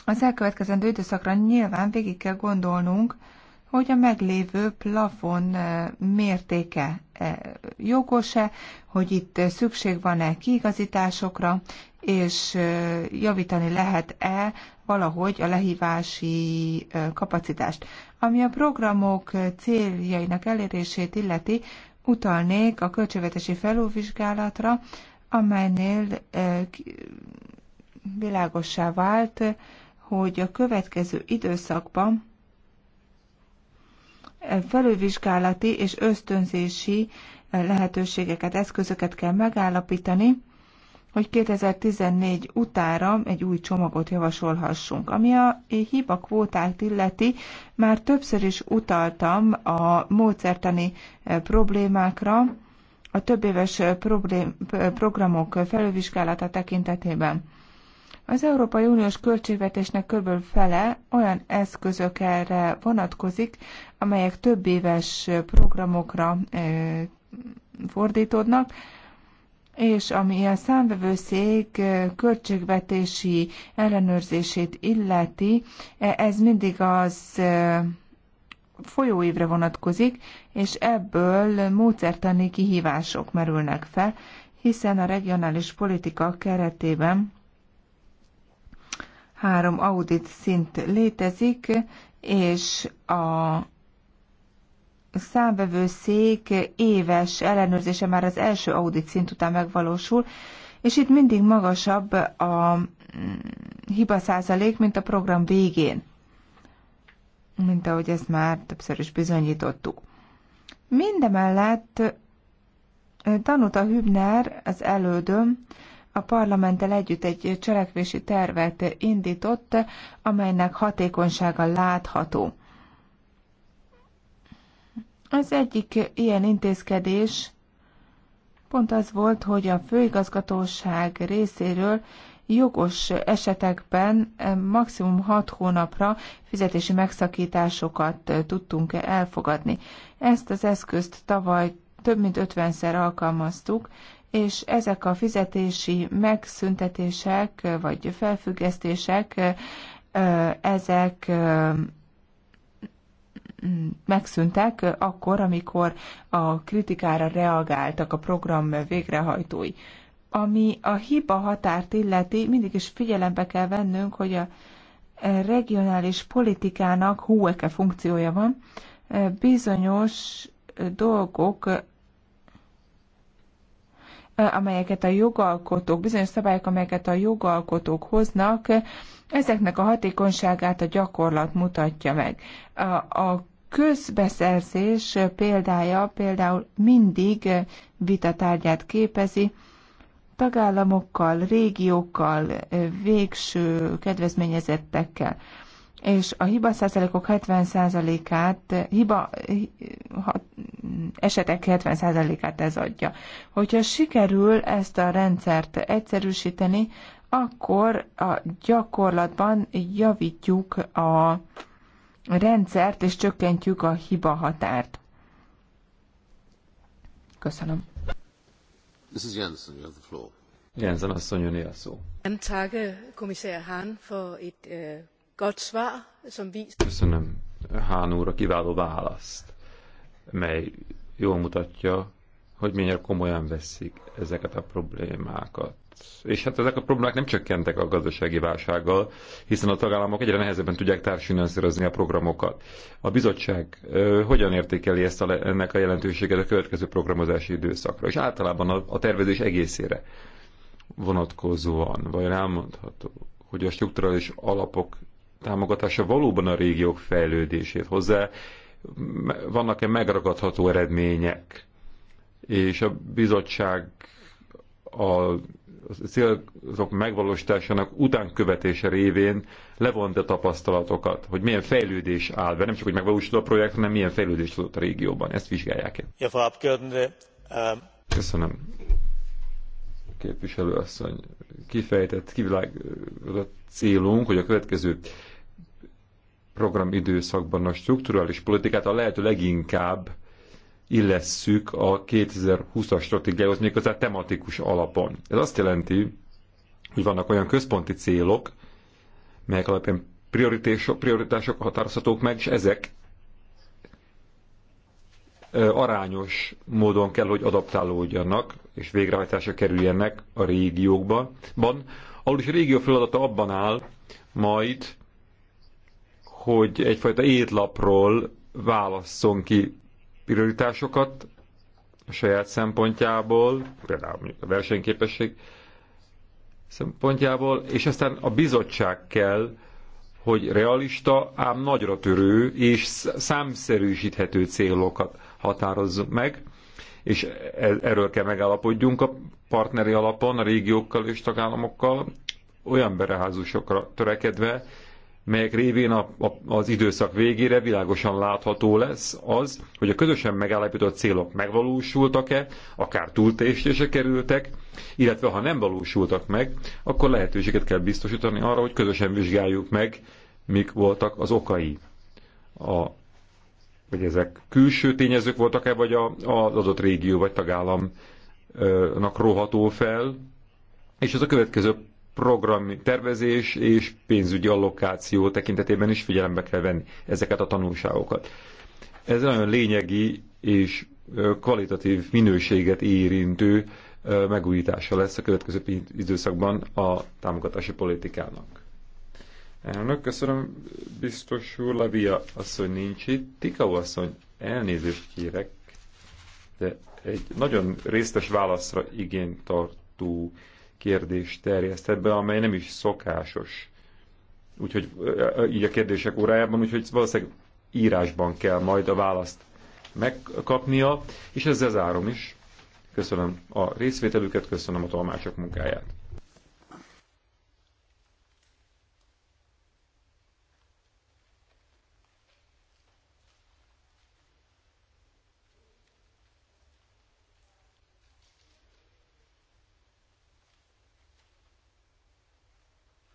Az elkövetkezendő időszakra nyilván végig kell gondolnunk, hogy a meglévő plafon mértéke jogos-e, hogy itt szükség van-e kiigazításokra, és javítani lehet-e valahogy a lehívási kapacitást. Ami a programok céljainak elérését illeti, utalnék a költségvetési felülvizsgálatra, amelynél világossá vált, hogy a következő időszakban felülvizsgálati és ösztönzési eh, lehetőségeket, eszközöket kell megállapítani, hogy 2014 utára egy új csomagot javasolhassunk. Ami a hiba kvótát illeti, már többször is utaltam a módszertani eh, problémákra, a több éves eh, problém, programok felülvizsgálata tekintetében. Az Európai Uniós költségvetésnek kb. fele olyan eszközökre vonatkozik, amelyek több éves programokra fordítódnak, és ami a számvevőszék költségvetési ellenőrzését illeti, e, ez mindig az folyóévre vonatkozik, és ebből módszertani kihívások merülnek fel, hiszen a regionális politika keretében Három audit szint létezik, és a számvevőszék éves ellenőrzése már az első audit szint után megvalósul, és itt mindig magasabb a mm, hiba százalék, mint a program végén, mint ahogy ezt már többször is bizonyítottuk. Mindemellett a Hübner, az elődöm, a parlamenttel együtt egy cselekvési tervet indított, amelynek hatékonysága látható. Az egyik ilyen intézkedés pont az volt, hogy a főigazgatóság részéről jogos esetekben eh, maximum 6 hónapra fizetési megszakításokat eh, tudtunk elfogadni. Ezt az eszközt tavaly több mint 50-szer alkalmaztuk, és ezek a fizetési megszüntetések vagy felfüggesztések, ezek megszűntek akkor, amikor a kritikára reagáltak a program végrehajtói. Ami a hiba határt illeti, mindig is figyelembe kell vennünk, hogy a regionális politikának húeke funkciója van, bizonyos dolgok amelyeket a jogalkotók, bizonyos szabályok, amelyeket a jogalkotók hoznak, ezeknek a hatékonyságát a gyakorlat mutatja meg. A közbeszerzés példája például mindig vitatárgyát képezi, tagállamokkal, régiókkal, végső kedvezményezettekkel és a hiba százalékok 70 százalékát, hiba ha, esetek 70 százalékát ez adja. Hogyha sikerül ezt a rendszert egyszerűsíteni, akkor a gyakorlatban javítjuk a rendszert, és csökkentjük a hiba határt. Köszönöm. Mrs. Jensen, you have the floor. Jensen asszony, a szó. Nem tage, komisár Hahn, for it, uh... Köszönöm Hán úr a kiváló választ, mely jól mutatja, hogy mennyire komolyan veszik ezeket a problémákat. És hát ezek a problémák nem csökkentek a gazdasági válsággal, hiszen a tagállamok egyre nehezebben tudják társfinanszírozni a programokat. A bizottság ö, hogyan értékeli ezt a, ennek a jelentőséget a következő programozási időszakra, és általában a, a tervezés egészére vonatkozóan, vagy elmondható, hogy a strukturális alapok támogatása valóban a régiók fejlődését hozzá, vannak-e megragadható eredmények, és a bizottság a célzok megvalósításának utánkövetése révén levont a tapasztalatokat, hogy milyen fejlődés áll be, nem csak hogy megvalósult a projekt, hanem milyen fejlődés adott a régióban. Ezt vizsgálják -e. Ähm, Köszönöm. Képviselő asszony, kifejtett, kivilágított célunk, hogy a következő programidőszakban a strukturális politikát a lehető leginkább illesszük a 2020-as stratégiához, méghozzá tematikus alapon. Ez azt jelenti, hogy vannak olyan központi célok, melyek alapján prioritások, prioritások határozhatók meg, és ezek arányos módon kell, hogy adaptálódjanak és végrehajtásra kerüljenek a régiókban, ahol is a régió feladata abban áll majd, hogy egyfajta étlapról válasszon ki prioritásokat a saját szempontjából, például a versenyképesség szempontjából, és aztán a bizottság kell, hogy realista, ám nagyra törő és számszerűsíthető célokat határozzunk meg, és e- erről kell megállapodjunk a partneri alapon, a régiókkal és tagállamokkal, olyan bereházusokra törekedve, melyek révén a, a, az időszak végére világosan látható lesz az, hogy a közösen megállapított célok megvalósultak-e, akár túltéstése kerültek, illetve ha nem valósultak meg, akkor lehetőséget kell biztosítani arra, hogy közösen vizsgáljuk meg, mik voltak az okai. A, hogy ezek külső tényezők voltak-e, vagy a, az adott régió vagy tagállamnak róható fel, és ez a következő program tervezés és pénzügyi allokáció tekintetében is figyelembe kell venni ezeket a tanulságokat. Ez nagyon lényegi és kvalitatív minőséget érintő megújítása lesz a következő időszakban a támogatási politikának. Elnök, köszönöm, biztos úr, Lavia asszony nincs itt. Tikau asszony, elnézést kérek, de egy nagyon résztes válaszra igényt tartó kérdést terjesztett be, amely nem is szokásos. Úgyhogy így a kérdések órájában, úgyhogy valószínűleg írásban kell majd a választ megkapnia, és ezzel zárom is. Köszönöm a részvételüket, köszönöm a tolmácsok munkáját.